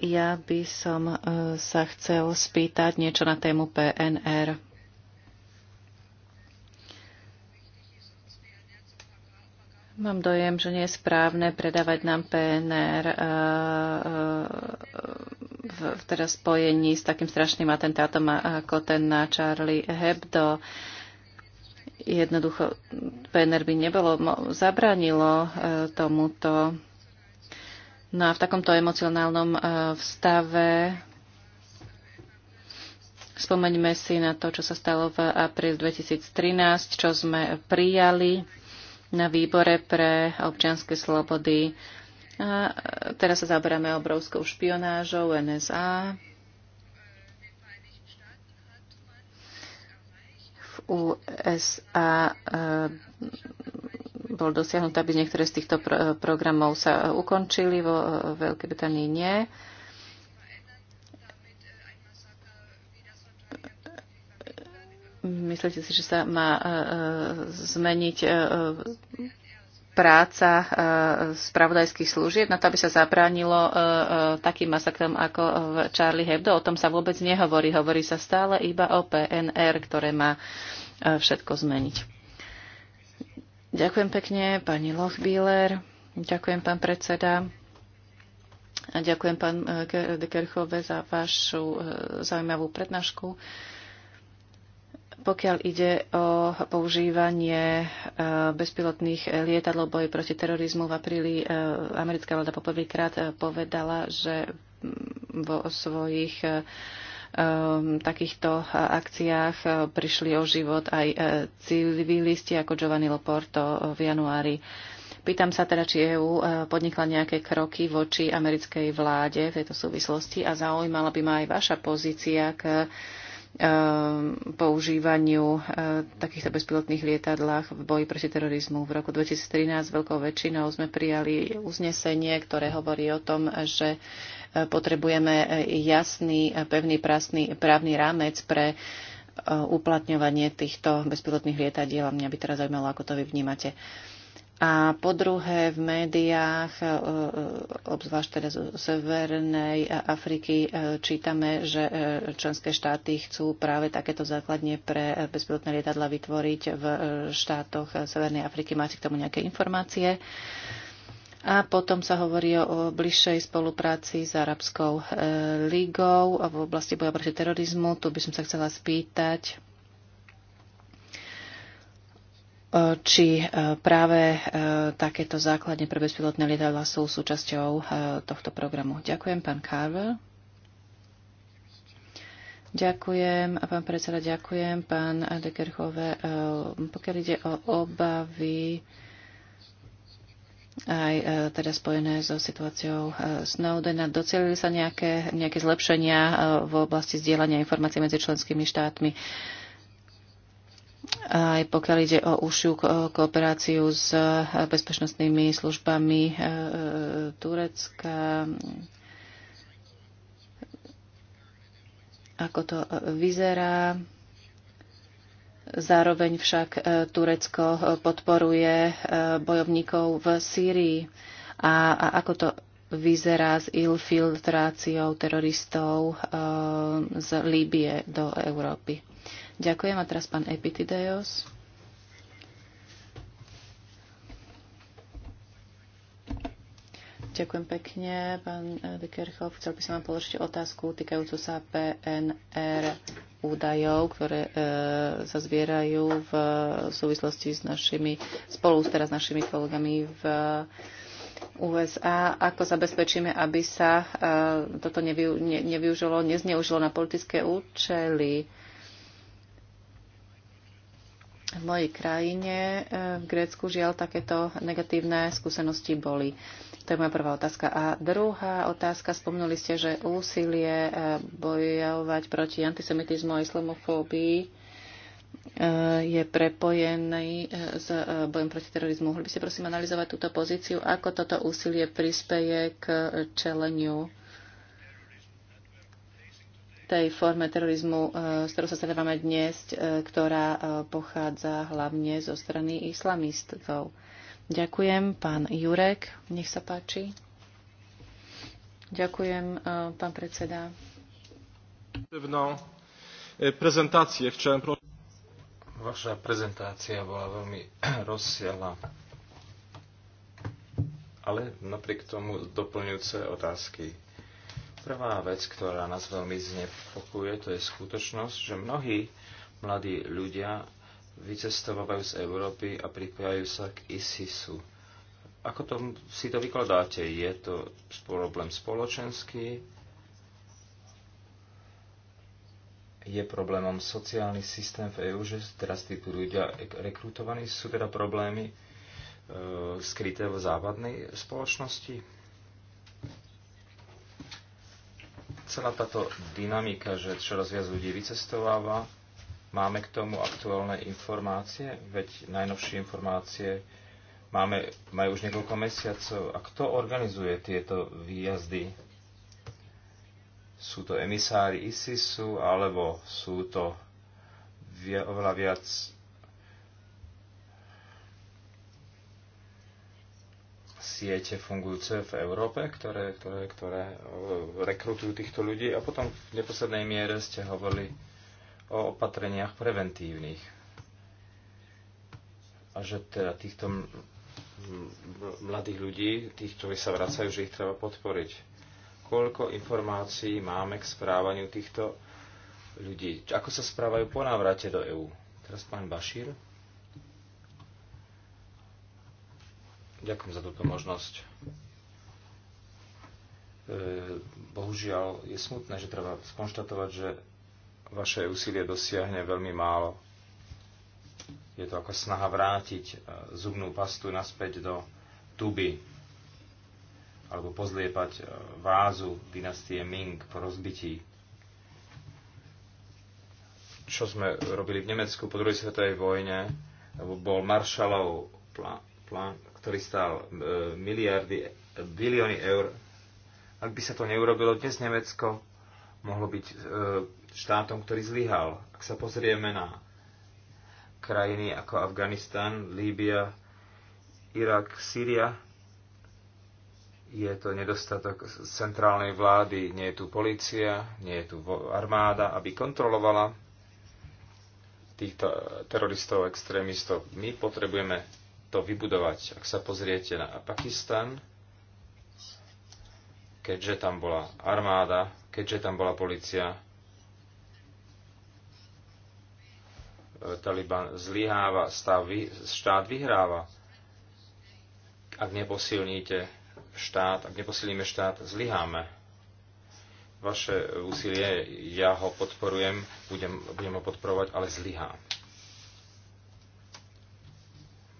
C: Ja by som sa chcel spýtať niečo na tému PNR. Mám dojem, že nie je správne predávať nám PNR eh, eh, v teda spojení s takým strašným atentátom ako ten na Charlie Hebdo. Jednoducho PNR by nebolo, zabránilo eh, tomuto. No a v takomto emocionálnom vstave spomeňme si na to, čo sa stalo v apríl 2013, čo sme prijali na výbore pre občianske slobody. A teraz sa zaberáme obrovskou špionážou NSA. V USA e, bol dosiahnutý, aby niektoré z týchto programov sa ukončili, vo e, Veľkej Británii nie. Myslíte si, že sa má e, e, zmeniť e, práca spravodajských služieb na to, aby sa zabránilo takým masakrom ako v Charlie Hebdo. O tom sa vôbec nehovorí. Hovorí sa stále iba o PNR, ktoré má všetko zmeniť. Ďakujem pekne, pani Lochbíler. Ďakujem, pán predseda. A ďakujem, pán Dekerchove, za vašu zaujímavú prednášku. Pokiaľ ide o používanie e, bezpilotných lietadlov boji proti terorizmu, v apríli e, americká vláda poprvýkrát e, povedala, že mm, vo svojich takýchto akciách prišli o život aj civilisti ako Giovanni Loporto v januári. Pýtam sa teda, či EÚ podnikla nejaké kroky voči americkej vláde v tejto súvislosti a zaujímala by ma aj vaša pozícia k Eh, používaniu eh, takýchto bezpilotných lietadlách v boji proti terorizmu. V roku 2013 veľkou väčšinou sme prijali uznesenie, ktoré hovorí o tom, že eh, potrebujeme jasný, pevný prasný, právny rámec pre uplatňovanie týchto bezpilotných lietadiel. A mňa by teraz zaujímalo, ako to vy vnímate. Uh, a po druhé, v médiách, e, e, obzvlášť teda zo Severnej Afriky, e, čítame, že členské štáty chcú práve takéto základne pre bezpilotné lietadla vytvoriť v štátoch Severnej Afriky. Máte k tomu nejaké informácie? A potom sa hovorí o bližšej spolupráci s Arabskou ligou v oblasti boja proti terorizmu. Tu by som sa chcela spýtať, či e, práve e, takéto základne pre bezpilotné lietadla sú súčasťou e, tohto programu. Ďakujem, pán Carver. Ďakujem, a pán predseda, ďakujem, pán Dekerchove. Pokiaľ ide o obavy, aj teda spojené so situáciou Snowdena. Docelili sa nejaké, nejaké zlepšenia v oblasti zdieľania informácií medzi členskými štátmi aj pokiaľ ide o užšiu kooperáciu s eh, bezpečnostnými službami eh, eh, Turecka. Ako to vyzerá? Zároveň však Turecko podporuje bojovníkov v Sýrii. A, a ako to vyzerá s infiltráciou teroristov z Líbie do Európy? Ďakujem a teraz pán Epitideos. Ďakujem pekne, pán eh, Kerchov. Chcel by som vám položiť otázku týkajúcu sa PNR údajov, ktoré e, sa zbierajú eh, v súvislosti s našimi, spolu teraz našimi kolegami v USA. Ako zabezpečíme, aby sa e, toto nevyu, ne, nevyužilo, nezneužilo na politické účely? E, v mojej krajine, e, v Grécku, žiaľ, takéto negatívne skúsenosti boli. To je moja prvá otázka. A druhá otázka, spomnuli ste, že úsilie e, bojovať proti antisemitizmu a islamofóbii e, je prepojený s bojom proti terorizmu. Mohli by ste prosím analyzovať túto pozíciu, ako toto úsilie prispeje k čeleniu tej forme terorizmu, e, s ktorou sa stretávame dnes, e, ktorá e, pochádza hlavne zo strany islamistov. Ďakujem, pán Jurek, nech sa páči. Ďakujem, pán predseda.
A: Prezentácie chcem... Vaša prezentácia bola veľmi rozsiahla, ale napriek tomu doplňujúce otázky Prvá vec, ktorá nás veľmi znepokuje, to je skutočnosť, že mnohí mladí ľudia vycestovávajú z Európy a pripájajú sa k ISISu. Ako to, si to vykladáte? Je to problém spoločenský? Je problémom sociálny systém v EÚ, že teraz tí ľudia rekrutovaní sú teda problémy e, skryté v západnej spoločnosti? celá táto dynamika, že čoraz viac ľudí vycestováva, máme k tomu aktuálne informácie, veď najnovšie informácie máme, majú už niekoľko mesiacov. A kto organizuje tieto výjazdy? Sú to emisári ISISu, alebo sú to oveľa viac siete fungujúce v Európe, ktoré, ktoré, ktoré e, rekrutujú týchto ľudí. A potom v neposlednej miere ste hovorili o opatreniach preventívnych. A že teda týchto mladých ľudí, tých, ktorí sa vracajú, že ich treba podporiť. Koľko informácií máme k správaniu týchto ľudí? Ako sa správajú po návrate do EÚ? Teraz pán Bašír. Ďakujem za túto možnosť. E, bohužiaľ je smutné, že treba skonštatovať, že vaše úsilie dosiahne veľmi málo. Je to ako snaha vrátiť e, zubnú pastu naspäť do tuby alebo pozliepať e, vázu dynastie Ming po rozbití čo sme robili v Nemecku po druhej svetovej vojne, bol maršalov plán, plán, ktorý stál e, miliardy, bilióny eur. Ak by sa to neurobilo dnes, Nemecko mohlo byť e, štátom, ktorý zlyhal. Ak sa pozrieme na krajiny ako Afganistan, Líbia, Irak, Sýria, je to nedostatok centrálnej vlády, nie je tu policia, nie je tu armáda, aby kontrolovala týchto teroristov, extrémistov. My potrebujeme to vybudovať. Ak sa pozriete na Pakistan, keďže tam bola armáda, keďže tam bola policia, e, Taliban zlyháva, stav, štát vyhráva. Ak neposilníte štát, ak neposilníme štát, zlyháme. Vaše úsilie, ja ho podporujem, budem, budem ho podporovať, ale zlyhám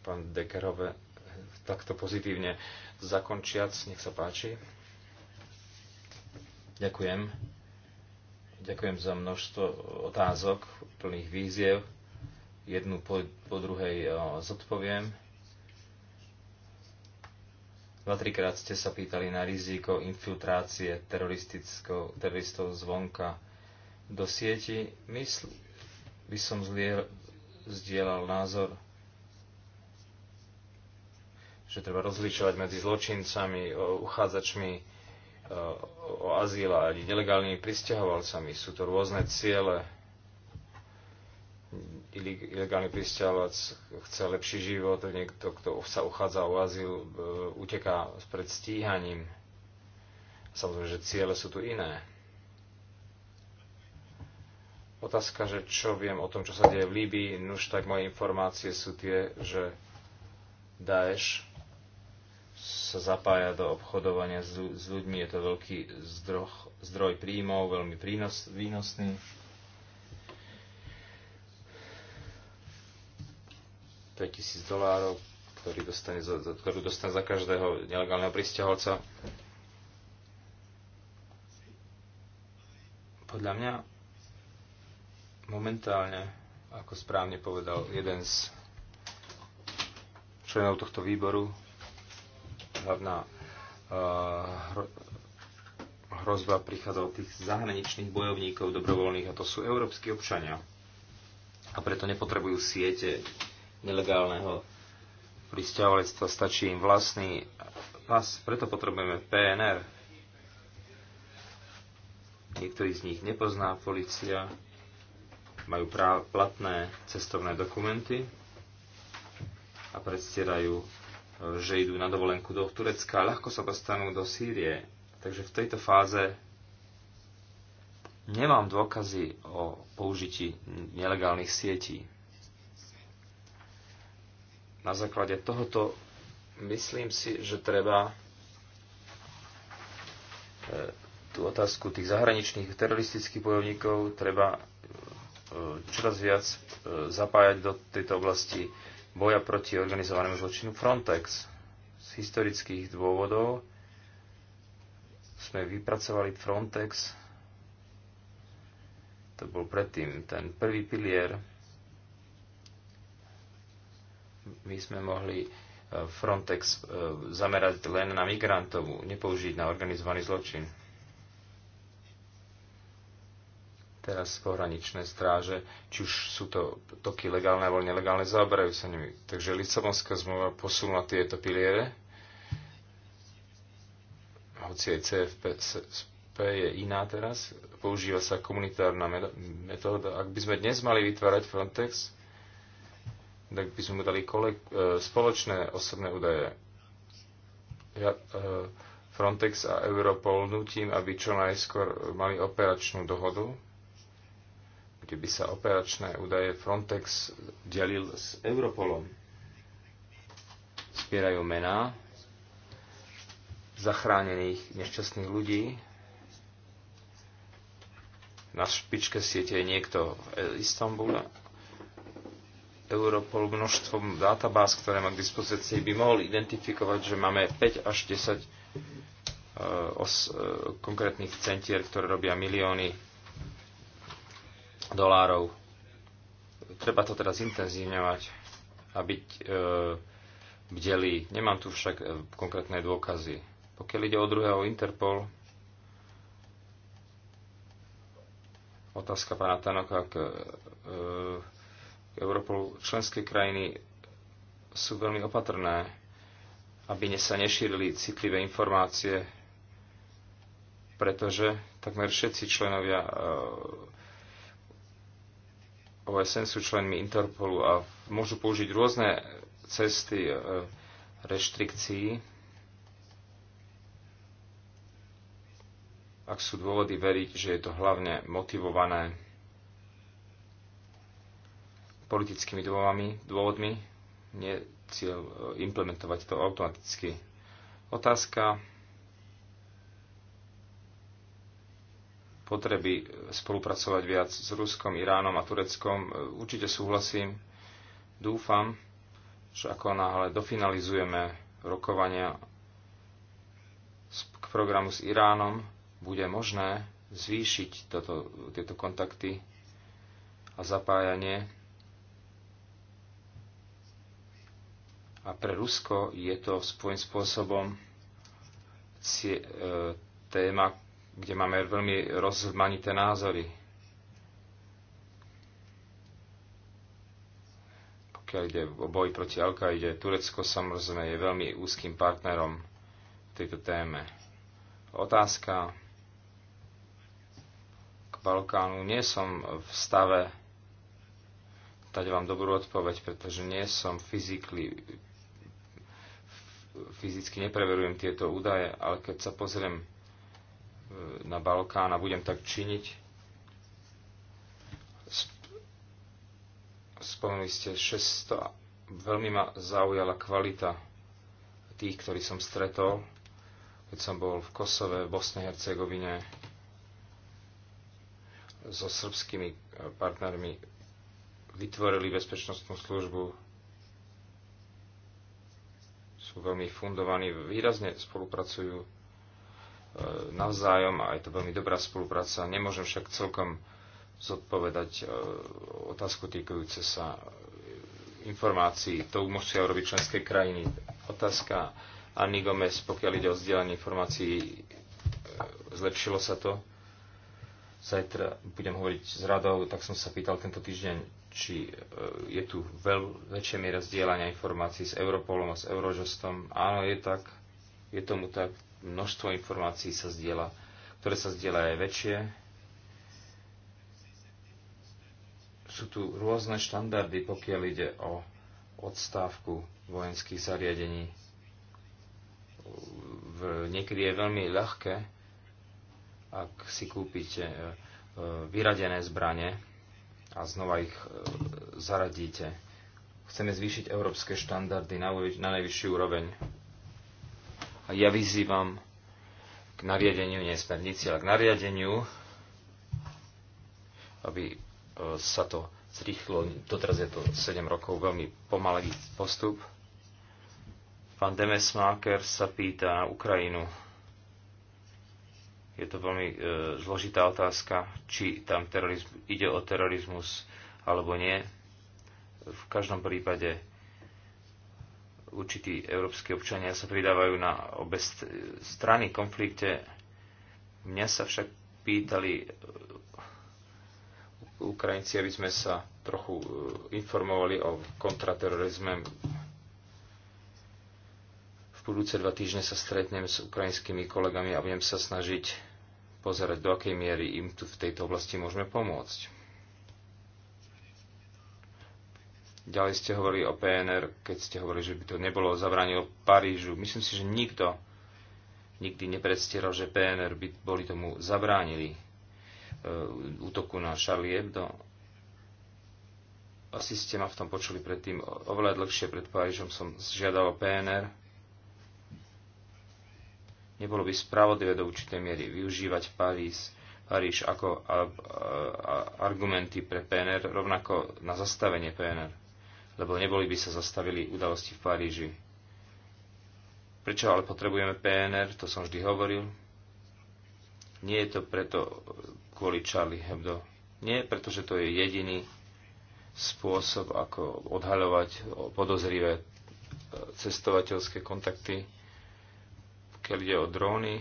A: pán Dekerove, takto pozitívne zakončiac. Nech sa páči. Ďakujem. Ďakujem za množstvo otázok, plných víziev. Jednu po, po druhej zodpoviem. Dva, trikrát ste sa pýtali na riziko infiltrácie teroristov zvonka do sieti. Mysl, by som zdieľal názor, že treba rozlišovať medzi zločincami, uchádzačmi o azyl a nelegálnymi pristahovalcami. Sú to rôzne ciele. Ilegálny pristahovalec chce lepší život, niekto, kto sa uchádza o azyl, e, uteká pred stíhaním. Samozrejme, že ciele sú tu iné. Otázka, že čo viem o tom, čo sa deje v Líbii, nuž tak moje informácie sú tie, že Daesh sa zapája do obchodovania s, s ľuďmi. Je to veľký zdroj, zdroj príjmov, veľmi prínos, výnosný. tisíc dolárov, ktorý dostane za, ktorú dostane za každého nelegálneho pristahovca. Podľa mňa momentálne, ako správne povedal jeden z členov tohto výboru, hlavná eh, hrozba prichádza od tých zahraničných bojovníkov dobrovoľných a to sú európsky občania. A preto nepotrebujú siete nelegálneho pristiavalectva, stačí im vlastný pas, preto potrebujeme PNR. Niektorí z nich nepozná policia, majú práv, platné cestovné dokumenty a predstierajú že idú na dovolenku do Turecka, ľahko sa dostanú do Sýrie. Takže v tejto fáze nemám dôkazy o použití nelegálnych sietí. Na základe tohoto myslím si, že treba e, tú otázku tých zahraničných teroristických bojovníkov treba e, čoraz viac e, zapájať do tejto oblasti boja proti organizovanému zločinu Frontex. Z historických dôvodov sme vypracovali Frontex, to bol predtým ten prvý pilier, my sme mohli e, Frontex e, zamerať len na migrantov, nepoužiť na organizovaný zločin. teraz pohraničné stráže, či už sú to toky legálne alebo nelegálne, zaoberajú sa nimi. Takže Lisabonská zmluva posunula tieto piliere, hoci aj CFP je iná teraz, používa sa komunitárna metóda. Ak by sme dnes mali vytvárať Frontex, tak by sme dali kolek- e, spoločné osobné údaje. Ja, e, Frontex a Europol nutím, aby čo najskôr mali operačnú dohodu kde by sa operačné údaje Frontex delil s Europolom. Spierajú mená zachránených nešťastných ľudí. Na špičke siete je niekto v Istambule. Europol množstvom databáz, ktoré má k dispozícii, by mohol identifikovať, že máme 5 až 10 eh, os, eh, konkrétnych centier, ktoré robia milióny dolárov. Treba to teraz intenzívňovať a byť e, bdelý. Nemám tu však e, konkrétne dôkazy. Pokiaľ ide o druhého Interpol, otázka pána Tanoka k, e, k Europolu. Členské krajiny sú veľmi opatrné, aby sa nešírili citlivé informácie, pretože takmer všetci členovia e, OSN sú členmi Interpolu a môžu použiť rôzne cesty e, reštrikcií, ak sú dôvody veriť, že je to hlavne motivované politickými dôvodmi, dôvodmi nie cieľ e, implementovať to automaticky. Otázka potreby e, spolupracovať viac s Ruskom, Iránom a Tureckom. E, určite súhlasím. Dúfam, že ako náhle dofinalizujeme rokovania k programu s Iránom, bude možné zvýšiť toto, tieto kontakty a zapájanie. A pre Rusko je to svojím spôsobom e, téma, kde máme veľmi rozmanité názory. Pokiaľ ide o boj proti al Turecko samozrejme je veľmi úzkým partnerom v tejto téme. Otázka k Balkánu. Nie som v stave dať vám dobrú odpoveď, pretože nie som fyzikli, fyzicky nepreverujem tieto údaje, ale keď sa pozriem E, na Balkán a budem tak činiť. Spomenuli ste 600. Veľmi ma zaujala kvalita tých, ktorí som stretol, keď som bol v Kosove, v Bosne, Hercegovine, so srbskými e, partnermi vytvorili bezpečnostnú službu, sú veľmi fundovaní, výrazne spolupracujú E, navzájom a je to veľmi dobrá spolupráca. Nemôžem však celkom zodpovedať e, otázku týkajúce sa e, informácií. To musia robiť členské krajiny. Otázka Anny Gomez, pokiaľ ide o vzdielanie informácií, zlepšilo sa to. Zajtra budem hovoriť s radou, tak som sa pýtal tento týždeň, či je tu veľ, väčšia miera zdieľania informácií s Europolom a s Eurojustom. Áno, je tak je tomu tak, množstvo informácií sa zdieľa, ktoré sa zdieľa aj väčšie. Sú tu rôzne štandardy, pokiaľ ide o odstávku vojenských zariadení. niekedy je veľmi ľahké, ak si kúpite e, e, vyradené zbranie a znova ich e, zaradíte. Chceme zvýšiť európske štandardy na najvyšší úroveň. A ja vyzývam k nariadeniu, nie smernici, ale k nariadeniu, aby e, sa to zrýchlo. Doteraz je to 7 rokov, veľmi pomalý postup. Pán Demesmaker sa pýta na Ukrajinu. Je to veľmi e, zložitá otázka, či tam ide o terorizmus alebo nie. V každom prípade určití európske občania sa pridávajú na obe strany konflikte. Mňa sa však pýtali e, Ukrajinci, aby sme sa trochu e, informovali o kontraterorizme. V budúce dva týždne sa stretnem s ukrajinskými kolegami a budem sa snažiť pozerať, do akej miery im tu v tejto oblasti môžeme pomôcť. Ďalej ste hovorili o PNR, keď ste hovorili, že by to nebolo zabránilo Parížu. Myslím si, že nikto nikdy nepredstieral, že PNR by boli tomu zabránili e, útoku na Charlie Hebdo. Asi ste ma v tom počuli predtým. Oveľa dlhšie pred Parížom som žiadal o PNR. Nebolo by spravodlivé do určitej miery využívať Paríž Paríž ako a, a, a argumenty pre PNR, rovnako na zastavenie PNR lebo neboli by sa zastavili udalosti v Paríži. Prečo ale potrebujeme PNR, to som vždy hovoril. Nie je to preto kvôli Charlie Hebdo. Nie, pretože to je jediný spôsob, ako odhaľovať podozrivé e, cestovateľské kontakty. Keď ide o dróny,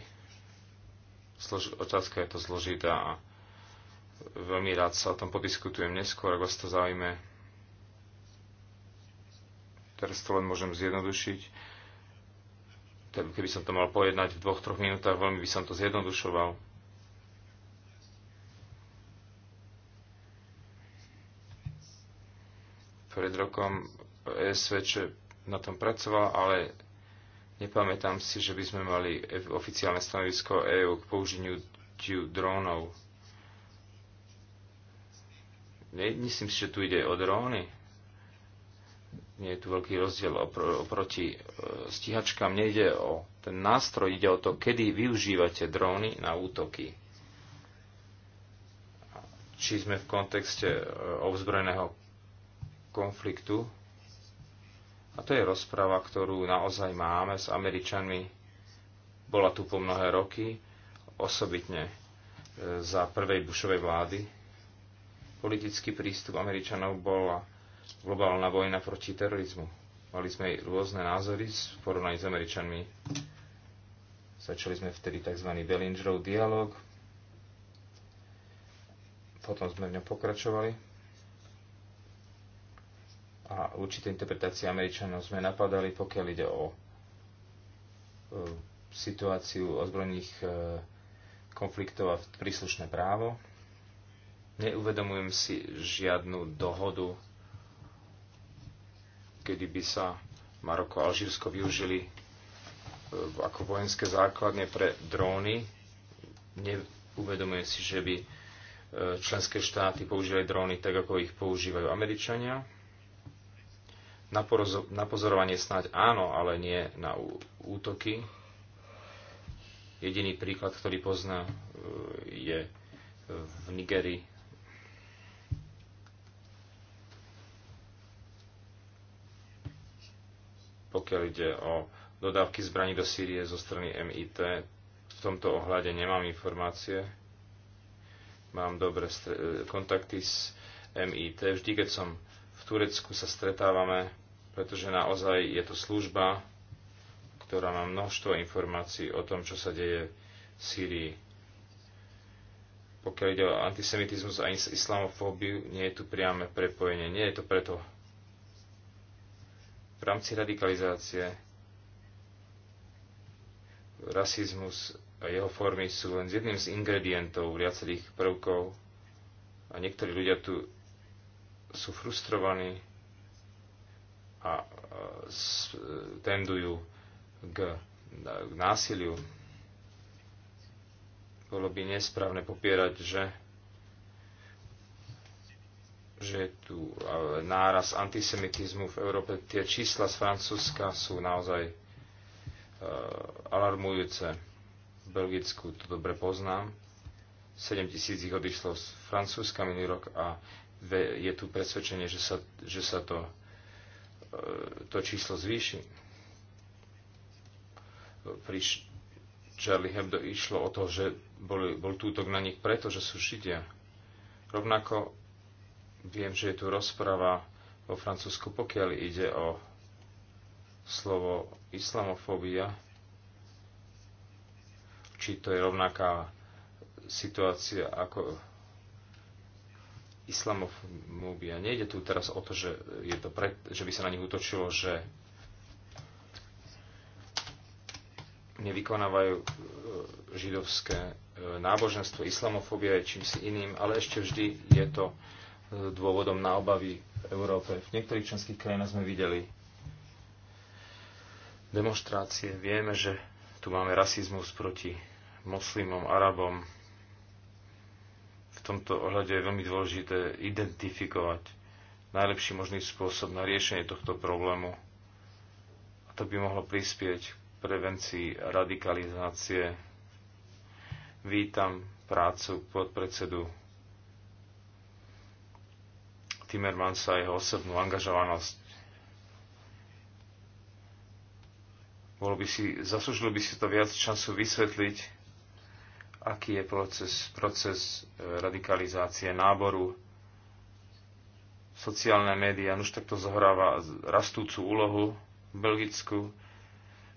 A: Slož, otázka je to zložitá a veľmi rád sa o tom podiskutujem neskôr, ak vás to zaujíme. Teraz to len môžem zjednodušiť. Keby som to mal pojednať v dvoch, troch minútach, veľmi by som to zjednodušoval. Pred rokom e SVČ na tom pracoval, ale nepamätám si, že by sme mali oficiálne stanovisko EÚ k použiniu drónov. Myslím si, že tu ide o dróny. Nie je tu veľký rozdiel oproti e, stíhačkám. Nejde o ten nástroj, ide o to, kedy využívate dróny na útoky. Či sme v kontexte e, obzbrojeného konfliktu. A to je rozpráva, ktorú naozaj máme s Američanmi. Bola tu po mnohé roky, osobitne e, za prvej Bushovej vlády. Politický prístup Američanov bola globálna vojna proti terorizmu. Mali sme rôzne názory v porovnaní s Američanmi. Začali sme vtedy tzv. Bellingerov dialog. Potom sme v ňom pokračovali. A určité interpretácie Američanov sme napadali, pokiaľ ide o e, situáciu ozbrojených e, konfliktov a príslušné právo. Neuvedomujem si žiadnu dohodu kedy by sa Maroko a Alžírsko využili e, ako vojenské základne pre dróny. Neuvedomujem si, že by e, členské štáty používali dróny tak, ako ich používajú Američania. Na, porozo- na pozorovanie snáď áno, ale nie na útoky. Jediný príklad, ktorý pozná, e, je v Nigerii pokiaľ ide o dodávky zbraní do Sýrie zo strany MIT, v tomto ohľade nemám informácie. Mám dobré e, kontakty s MIT. Vždy, keď som v Turecku, sa stretávame, pretože naozaj je to služba, ktorá má množstvo informácií o tom, čo sa deje v Sýrii. Pokiaľ ide o antisemitizmus a islamofóbiu, nie je tu priame prepojenie. Nie je to preto, v rámci radikalizácie rasizmus a jeho formy sú len z jedným z ingredientov viacerých prvkov a niektorí ľudia tu sú frustrovaní a tendujú k, k násiliu. Bolo by nesprávne popierať, že že je tu náraz antisemitizmu v Európe. Tie čísla z Francúzska sú naozaj e, alarmujúce. V Belgicku to dobre poznám. 7 tisíc ich odišlo z Francúzska minulý rok a je tu presvedčenie, že sa, že sa to, e, to číslo zvýši. Pri Charlie Hebdo išlo o to, že bol, bol tútok na nich preto, že sú Židia. Rovnako Viem, že je tu rozprava vo Francúzsku, pokiaľ ide o slovo islamofóbia, či to je rovnaká situácia ako islamofóbia. Nejde tu teraz o to, že, je to pred, že by sa na nich utočilo, že nevykonávajú e, židovské e, náboženstvo. Islamofóbia je čím si iným, ale ešte vždy je to dôvodom na obavy v Európe. V niektorých členských krajinách sme videli demonstrácie. Vieme, že tu máme rasizmus proti moslimom, arabom. V tomto ohľade je veľmi dôležité identifikovať najlepší možný spôsob na riešenie tohto problému. A to by mohlo prispieť k prevencii radikalizácie. Vítam prácu podpredsedu Timmermansa a jeho osobnú angažovanosť. Bolo by si, zaslúžilo by si to viac času vysvetliť, aký je proces, proces e, radikalizácie náboru. Sociálne médiá, no už takto zohráva rastúcu úlohu v Belgicku.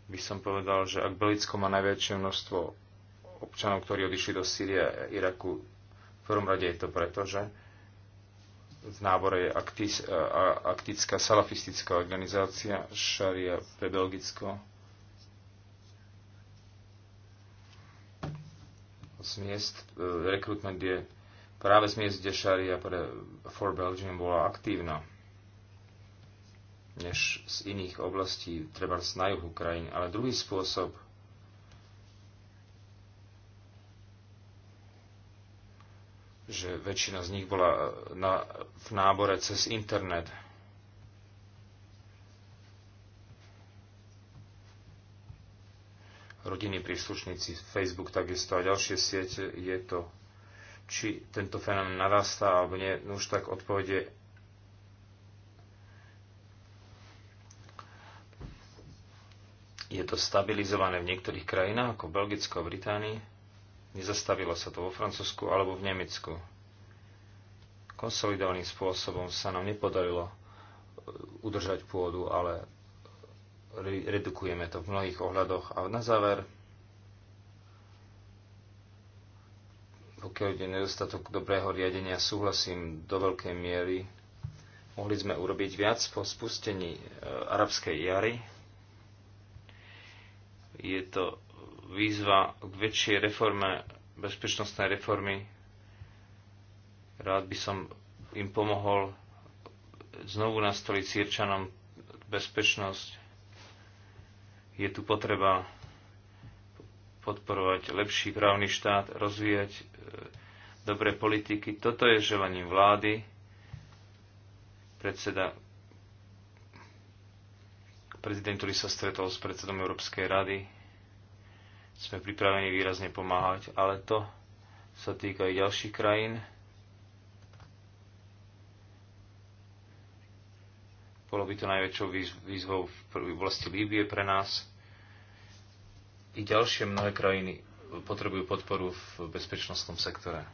A: By som povedal, že ak Belgicko má najväčšie množstvo občanov, ktorí odišli do Sýrie a Iraku, v prvom rade je to preto, že v nábore je Aktis, aktická salafistická organizácia Šaria pre Belgicko. Z miest, e, rekrutment je práve z miest, kde Šaria pre For Belgium bola aktívna než z iných oblastí, treba z na juhu krajín. Ale druhý spôsob že väčšina z nich bola eh, na, v nábore cez internet. Rodiny príslušníci, Facebook takisto a ďalšie siete je to, či tento fenomén narastá alebo nie, no už tak odpovede je to stabilizované v niektorých krajinách ako Belgicko, Británii Nezastavilo sa to vo Francúzsku alebo v Nemecku. Konsolidovaným spôsobom sa nám nepodarilo e, udržať pôdu, ale redukujeme to v mnohých ohľadoch. A na záver, pokiaľ ide nedostatok dobrého riadenia, súhlasím do veľkej miery. Mohli sme urobiť viac po spustení e, arabskej jary. Je to výzva k väčšej reforme, bezpečnostnej reformy. Rád by som im pomohol znovu nastoliť sírčanom bezpečnosť. Je tu potreba podporovať lepší právny štát, rozvíjať e, dobré politiky. Toto je želaním vlády. Predseda prezident, ktorý sa stretol s predsedom Európskej rady, sme pripravení výrazne pomáhať, ale to sa týka aj ďalších krajín. Bolo by to najväčšou výzvou v oblasti Líbie pre nás. I ďalšie mnohé krajiny potrebujú podporu v bezpečnostnom sektore.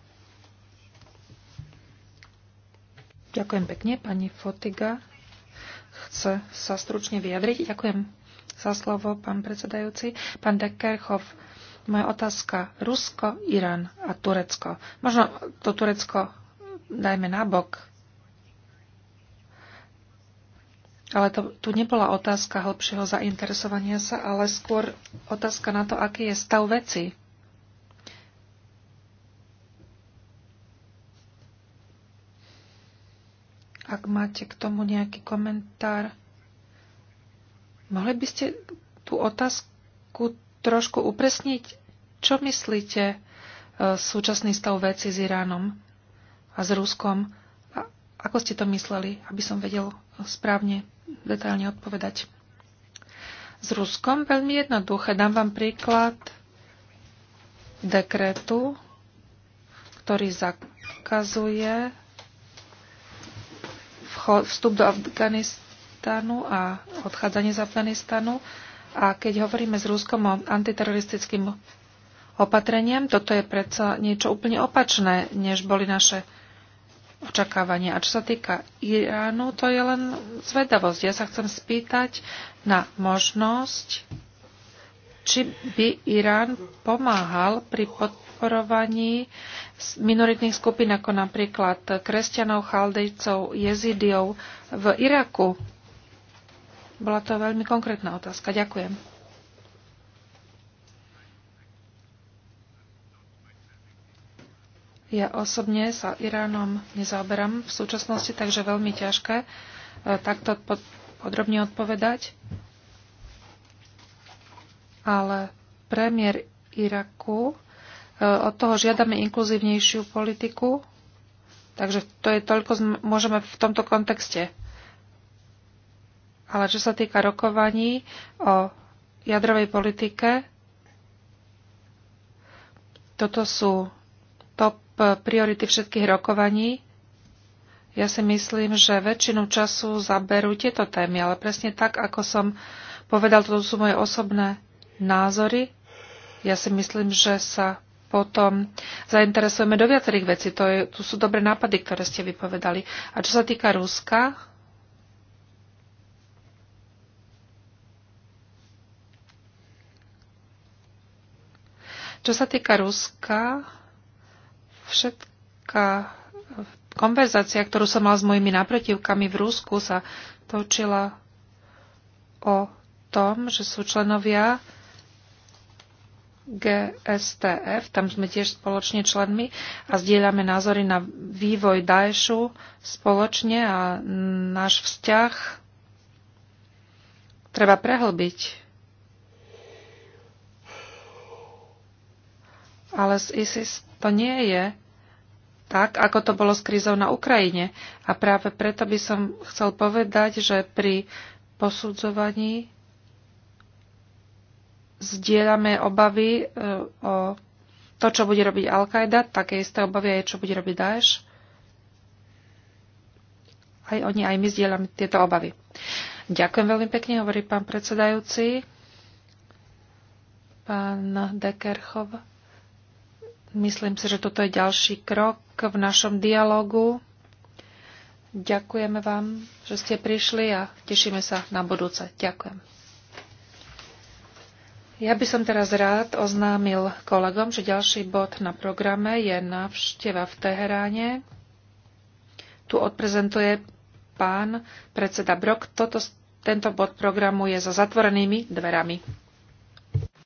B: Ďakujem pekne. Pani Fotiga chce sa stručne vyjadriť. Ďakujem za slovo, pán predsedajúci. Pán Dekerchov, moja otázka. Rusko, Irán a Turecko. Možno to Turecko dajme nabok. Ale to, tu nebola otázka hĺbšieho zainteresovania sa, ale skôr otázka na to, aký je stav veci. Ak máte k tomu nejaký komentár, Mohli by ste tú otázku trošku upresniť? Čo myslíte e, súčasný stav veci s Iránom a s Ruskom? A ako ste to mysleli, aby som vedel správne, detailne odpovedať? S Ruskom veľmi jednoduché. Dám vám príklad dekretu, ktorý zakazuje vstup do Afganist- Afganistánu a odchádzanie z Afganistanu. A keď hovoríme s Ruskom o antiteroristickým opatreniam, toto je predsa niečo úplne opačné, než boli naše očakávania. A čo sa týka Iránu, to je len zvedavosť. Ja sa chcem spýtať na možnosť, či by Irán pomáhal pri podporovaní minoritných skupín, ako napríklad kresťanov, chaldejcov, jezidiov v Iraku. Bola to veľmi konkrétna otázka. Ďakujem. Ja osobne sa Iránom nezaoberám v súčasnosti, takže veľmi ťažké e, takto podrobne odpovedať. Ale premiér Iraku, e, od toho žiadame inkluzívnejšiu politiku, takže to je toľko, môžeme v tomto kontexte ale čo sa týka rokovaní o jadrovej politike, toto sú top priority všetkých rokovaní. Ja si myslím, že väčšinu času zaberú tieto témy, ale presne tak, ako som povedal, toto sú moje osobné názory. Ja si myslím, že sa potom zainteresujeme do viacerých vecí. To je, tu sú dobré nápady, ktoré ste vypovedali. A čo sa týka Ruska, Čo sa týka Ruska, všetká konverzácia, ktorú som mal s mojimi naprotivkami v Rusku, sa točila o tom, že sú členovia GSTF, tam sme tiež spoločne členmi a zdieľame názory na vývoj Daešu spoločne a náš vzťah treba prehlbiť Ale z ISIS to nie je tak, ako to bolo s krízou na Ukrajine. A práve preto by som chcel povedať, že pri posudzovaní zdieľame obavy e, o to, čo bude robiť Al-Qaida, také isté obavy aj čo bude robiť Daesh. Aj oni, aj my zdieľame tieto obavy. Ďakujem veľmi pekne, hovorí pán predsedajúci. Pán Dekerchov. Myslím si, že toto je ďalší krok v našom dialogu. Ďakujeme vám, že ste prišli a tešíme sa na budúce. Ďakujem. Ja by som teraz rád oznámil kolegom, že ďalší bod na programe je návšteva v Teheráne. Tu odprezentuje pán predseda Brok. Toto, tento bod programu je za zatvorenými dverami.